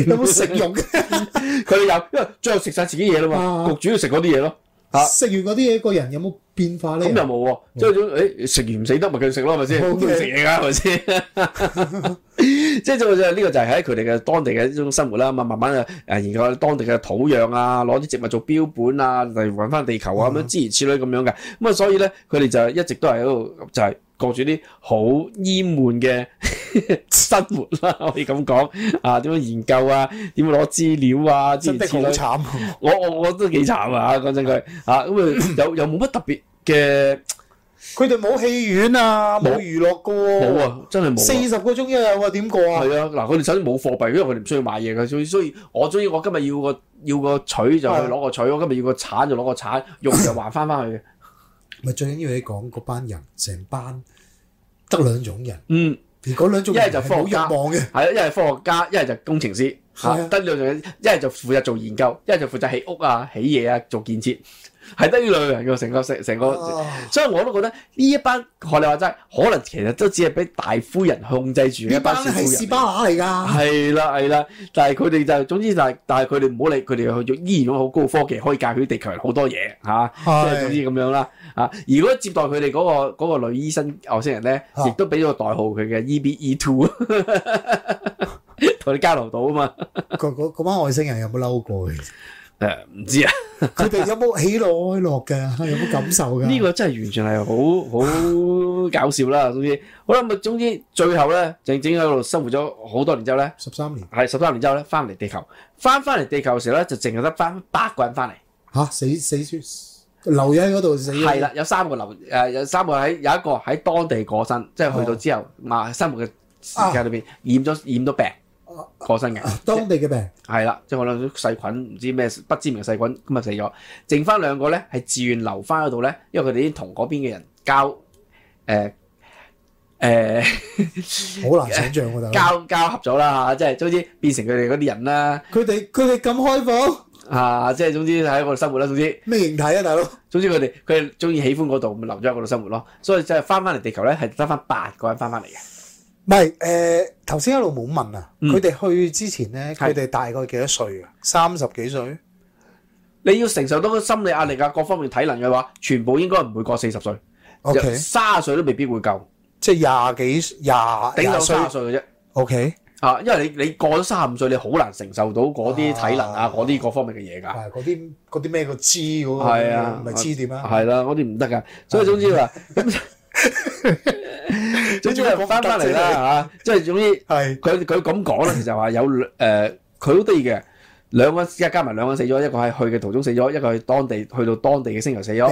有冇、嗯、 食用？佢哋 有，因為最後食晒自己嘢啦嘛，啊、局主要食嗰啲嘢咯。食、啊、完嗰啲嘢，個人有冇變化咧？咁又冇喎，即係誒食完唔死得咪繼續食咯，係咪先、嗯？食嘢，㗎，係咪先？即係就係呢個就係喺佢哋嘅當地嘅一種生活啦。咁啊，慢慢啊，誒，研究當地嘅土壤啊，攞啲植物做標本啊，例如搵翻地球啊，咁樣、嗯、諸如此類咁樣嘅。咁啊，所以咧，佢哋就一直都係喺度就係、是。過住啲好淹悶嘅生活啦，可以咁講啊？點樣研究啊？點樣攞資料啊？真係好慘，我我我都幾慘啊！講真句啊，咁啊有有冇乜特別嘅？佢哋冇戲院啊，冇娛樂噶冇啊！真係冇四十個鐘一日，我點過啊？係啊！嗱，佢哋首先冇貨幣，因為佢哋唔需要買嘢噶，所以所以我中意我今日要個要個鎚就去攞個鎚；啊，我今日要個鏟就攞個鏟，用完還翻翻去的。咪 最緊要你講嗰班人，成班。得兩種人，那種人嗯，嗰兩種，一係就科學家，係咯，一係科學家，一係就工程師，係、啊、得兩種嘢，一係就負責做研究，一係就負責起屋啊、起嘢啊、做建設，係得呢兩樣嘅成個成成個，個個啊、所以我都覺得呢一班學你話齋，可能其實都只係俾大夫人控制住嘅一班少少人，係斯巴達嚟㗎，係啦係啦，但係佢哋就總之就係，但係佢哋唔好理佢哋去，佢哋依然咁好高科技，可以解決地球好多嘢嚇，即係啲、啊、總之咁樣啦。啊！如果接待佢哋嗰個個女醫生外星人咧，亦都俾咗個代號佢嘅 E B E two，同你交流到啊 嘛！嗰班外星人有冇嬲過佢？誒，唔知啊！佢哋、啊、有冇喜樂哀樂嘅？有冇感受嘅？呢、啊這個真係完全係好好搞笑啦！總之，好啦，咪總之最後咧，整整喺度生活咗好多年之後咧，十三年係十三年之後咧，翻嚟地球，翻翻嚟地球嘅時候咧，就淨係得翻八個人翻嚟，吓、啊、死死，死留喺嗰度死？係啦，有三個留誒，有三個喺有一個喺當地過身，即係去到之後，嘛、哦啊、生活嘅時間裏邊染咗、啊、染到病過身嘅、啊啊，當地嘅病係啦，即係可能啲細菌唔知咩不知名細菌，咁啊死咗，剩翻兩個咧係自願留翻嗰度咧，因為佢哋已經同嗰邊嘅人交誒誒，好、呃呃、難想象㗎，交交合咗啦吓，即係總之變成佢哋嗰啲人啦。佢哋佢哋咁開放？啊！即係總之喺嗰度生活啦，總之咩形態啊，大佬。總之佢哋佢哋中意喜歡嗰度，咪留咗喺嗰度生活咯。所以就係翻翻嚟地球咧，係得翻八個人翻翻嚟嘅。唔係誒，頭先一路冇問啊。佢哋去之前咧，佢哋大概幾多歲啊？三十幾歲。你要承受到個心理壓力啊，各方面體能嘅話，全部應該唔會過四十歲。O K，卅歲都未必會夠。即係廿幾廿頂到卅歲嘅啫。O K。啊，因為你你過咗三十五歲，你好難承受到嗰啲體能啊，嗰啲、啊、各方面嘅嘢㗎。嗰啲嗰啲咩個黐嗰啊，唔係黐點啊？係啦，嗰啲唔得㗎。所以總之話，總之翻返嚟啦嚇，即係總之係佢佢咁講啦，其實話有誒，佢都得嘅。兩個一加埋兩個人死咗，一個係去嘅途中死咗，一個係當地去到當地嘅星球死咗，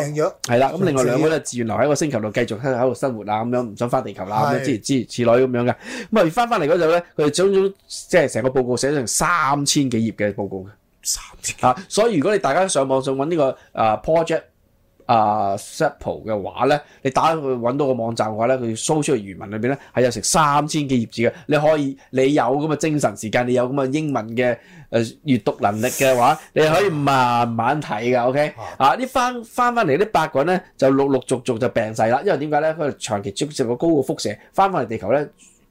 係啦了。咁的另外兩個咧，自願留喺一個星球度繼續喺度生活啊，咁樣唔想返地球啦，咁的樣諸如此類咁樣嘅。咁啊返返嚟嗰陣咧，佢哋總之即係成個報告寫咗成三千幾頁嘅報告。三千嚇、啊，所以如果你大家上網想揾呢個啊、呃、project。啊，Apple 嘅話咧，你打佢揾到個網站嘅話咧，佢搜出去原文裏邊咧，係有成三千幾頁字嘅。你可以，你有咁嘅精神時間，你有咁嘅英文嘅誒閱讀能力嘅話，你可以慢慢睇嘅。OK，啊，啊呢翻翻翻嚟呢八個人咧，就陸陸續續就病逝啦。因為點解咧？佢長期接受過高個輻射，翻翻嚟地球咧，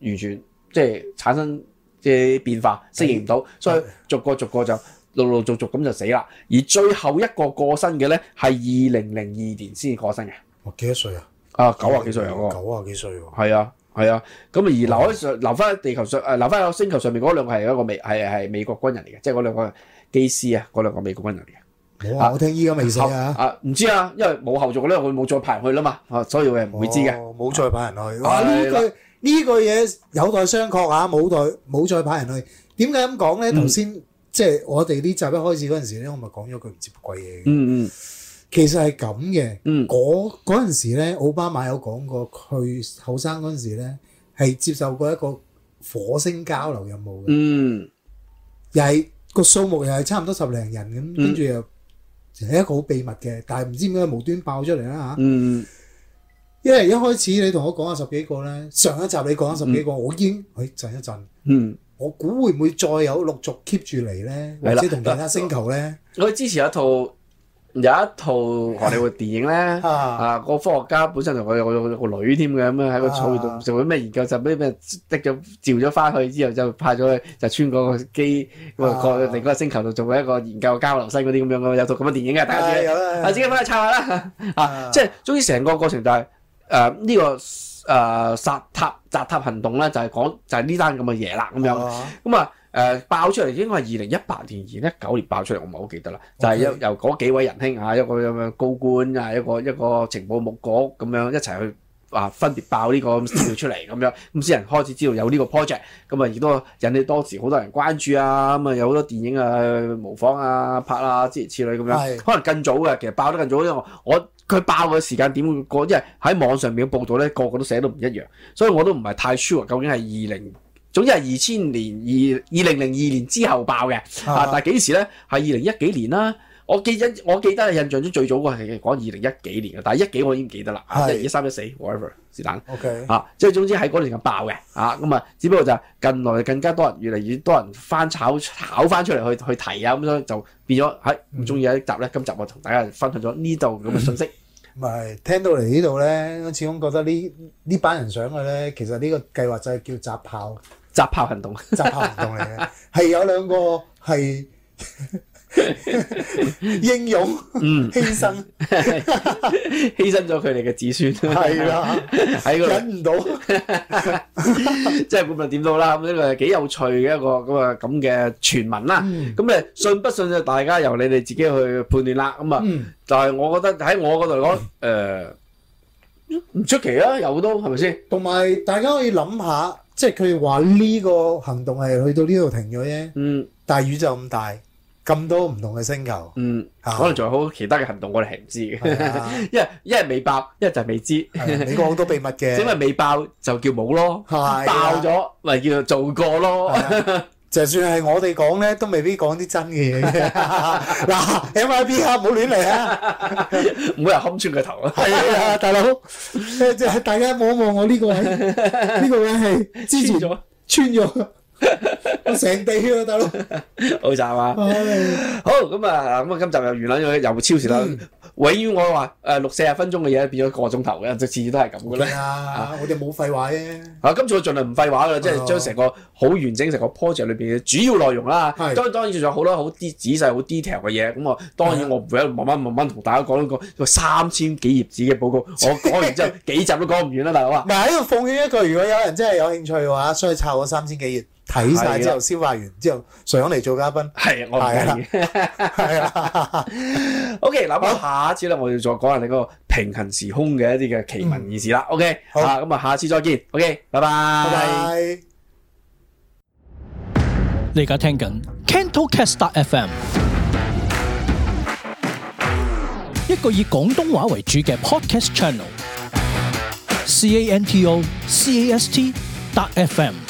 完全即係產生即係變化適應唔到，嗯、所以逐個逐個就。嗯陸陸續續咁就死啦，而最後一個過身嘅咧係二零零二年先過身嘅。哇，幾多歲啊？啊，九啊幾歲啊？九啊幾歲？係啊，係啊。咁啊，而留喺上留翻喺地球上誒，留翻喺星球上面嗰兩個係一個美係係美國軍人嚟嘅，即係嗰兩個機師啊，嗰兩個美國軍人嚟嘅。哇，我聽依家未死啊？啊，唔知啊，因為冇後續咧，佢冇再派人去啦嘛，啊，所以我係唔會知嘅。冇再派人去啊？呢句呢句嘢有待商榷啊！冇再冇再派人去，點解咁講咧？頭先。即係我哋呢集一開始嗰陣時咧，我咪講咗佢唔接鬼嘢嘅。嗯嗯，其實係咁嘅。嗯，嗰嗰陣時咧，奧巴馬有講過佢後生嗰陣時咧，係接受過一個火星交流任務嘅。嗯，又係個數目又係差唔多十零人咁，跟住又係一個好秘密嘅，但係唔知點解無端爆出嚟啦嚇，嗯嗯，因為一開始你同我講啊十幾個咧，上一集你講咗十幾個，嗯、我已經去、哎、震一震。嗯。我估會唔會再有陸續 keep 住嚟咧？的或者同其他星球咧？我之前有一套有一套荷里活電影咧， 啊，啊、嗰個科學家本身仲我，我有我個女添嘅，咁樣喺個草原度、啊、做咩研究，就咩咩滴咗照咗翻去，之後就派咗去就穿過個機過另外個星球度做一個研究的交流生嗰啲咁樣有套咁嘅電影嘅，大家先。有啦的，下次翻去查下啦。啊，即係終於成個過程就係誒呢個。誒、呃、澤塔、澤塔行動咧，就係、係、講就係呢單咁嘅嘢啦，咁樣咁啊誒、呃、爆出嚟，應該係二零一八年、二零一九年爆出嚟，我唔係好記得啦，Okay. 就係由由嗰幾位仁兄啊，一個咁樣高官啊，一個一個情報局咁樣一齊去。話、啊、分別爆呢個資料出嚟咁樣，咁先人開始知道有呢個 project，咁啊亦都引起當時好多人關注啊，咁啊有好多電影啊模仿啊拍啊之類之類咁樣，是可能更早嘅，其實爆得更早，因為我佢爆嘅時間點會過，因為喺網上面報道呢個個都寫都唔一樣，所以我都唔係太 sure 究竟係二零總之係二千年二二零零二年之後爆嘅，啊，啊但幾時呢？係二零一幾年啦、啊。我記得我記得印象中最早嗰係講二零一幾年嘅，但係一幾我已經唔記得啦，是即一三一四，whatever 是但，嚇即係總之喺嗰陣時爆嘅，嚇咁啊，只不過就係近來更加多人，越嚟越多人翻炒翻炒翻出嚟去去提啊，咁樣就變咗喺唔中意一集咧。嗯、今集我同大家分享咗呢度咁嘅信息。唔係、嗯、聽到嚟呢度咧，始終覺得呢呢班人上去咧，其實呢個計劃就係叫集炮、集炮行動、集炮行動嚟嘅，係 有兩個係。 英勇，嗯，犧牲，犧 牲咗佢哋嘅子孫係啦，喺嗰度忍唔到， 即係無論點都好啦。咁呢個係幾有趣嘅一個咁啊咁嘅傳聞啦。咁誒、嗯，信不信就大家由你哋自己去判斷啦。咁啊、嗯，就係我覺得喺我嗰度嚟講，誒唔出奇啊，有都係咪先？同埋大家可以諗下，即係佢話呢個行動係去到呢度停咗啫。嗯，但係宇宙咁大。咁多唔同嘅星球，嗯，可能仲有好多其他嘅行動，我哋係唔知嘅。因為一係未爆，一係就未知。你講好多秘密嘅。因為未爆就叫冇咯，爆咗咪叫做做過咯。就算係我哋講咧，都未必講啲真嘅嘢。嗱，M I B 啊，唔好亂嚟啊，唔好又冚穿個頭啊。係啊，大佬，即係大家望一望我呢個，呢個係支持咗，穿咗。成 地啊，大佬，好集啊，oh, 好咁啊，咁啊，今集又完啦，又超、嗯呃、時啦，永遠我話誒，六四十分鐘嘅嘢，變咗個鐘頭嘅，即次次都係咁嘅咧。Okay, 啊、我哋冇廢話嘅，啊，今次我盡量唔廢話啦，oh. 即係將成個好完整成個 project 裏邊嘅主要內容啦，當、oh. 當然仲有好多好啲仔細好 detail 嘅嘢，咁我當然我唔會慢慢慢慢同大家講一個三千幾頁紙嘅報告， 我講完之後幾集都講唔完啦，大佬啊。唔係喺度奉勸一句，如果有人真係有興趣嘅話，需要抄我三千幾頁。睇晒之後消化完之後上嚟做嘉賓，係我同意。係啦，OK。諗、okay, 下一次啦，我哋再講下你個平行時空嘅一啲嘅奇聞異事啦。嗯、OK，好啦，咁啊，下次再見。OK，拜拜、okay,。Bye bye 你而家聽緊 Canto Cast FM，一個以廣東話為主嘅 Podcast Channel，C A N T O C A S T F M。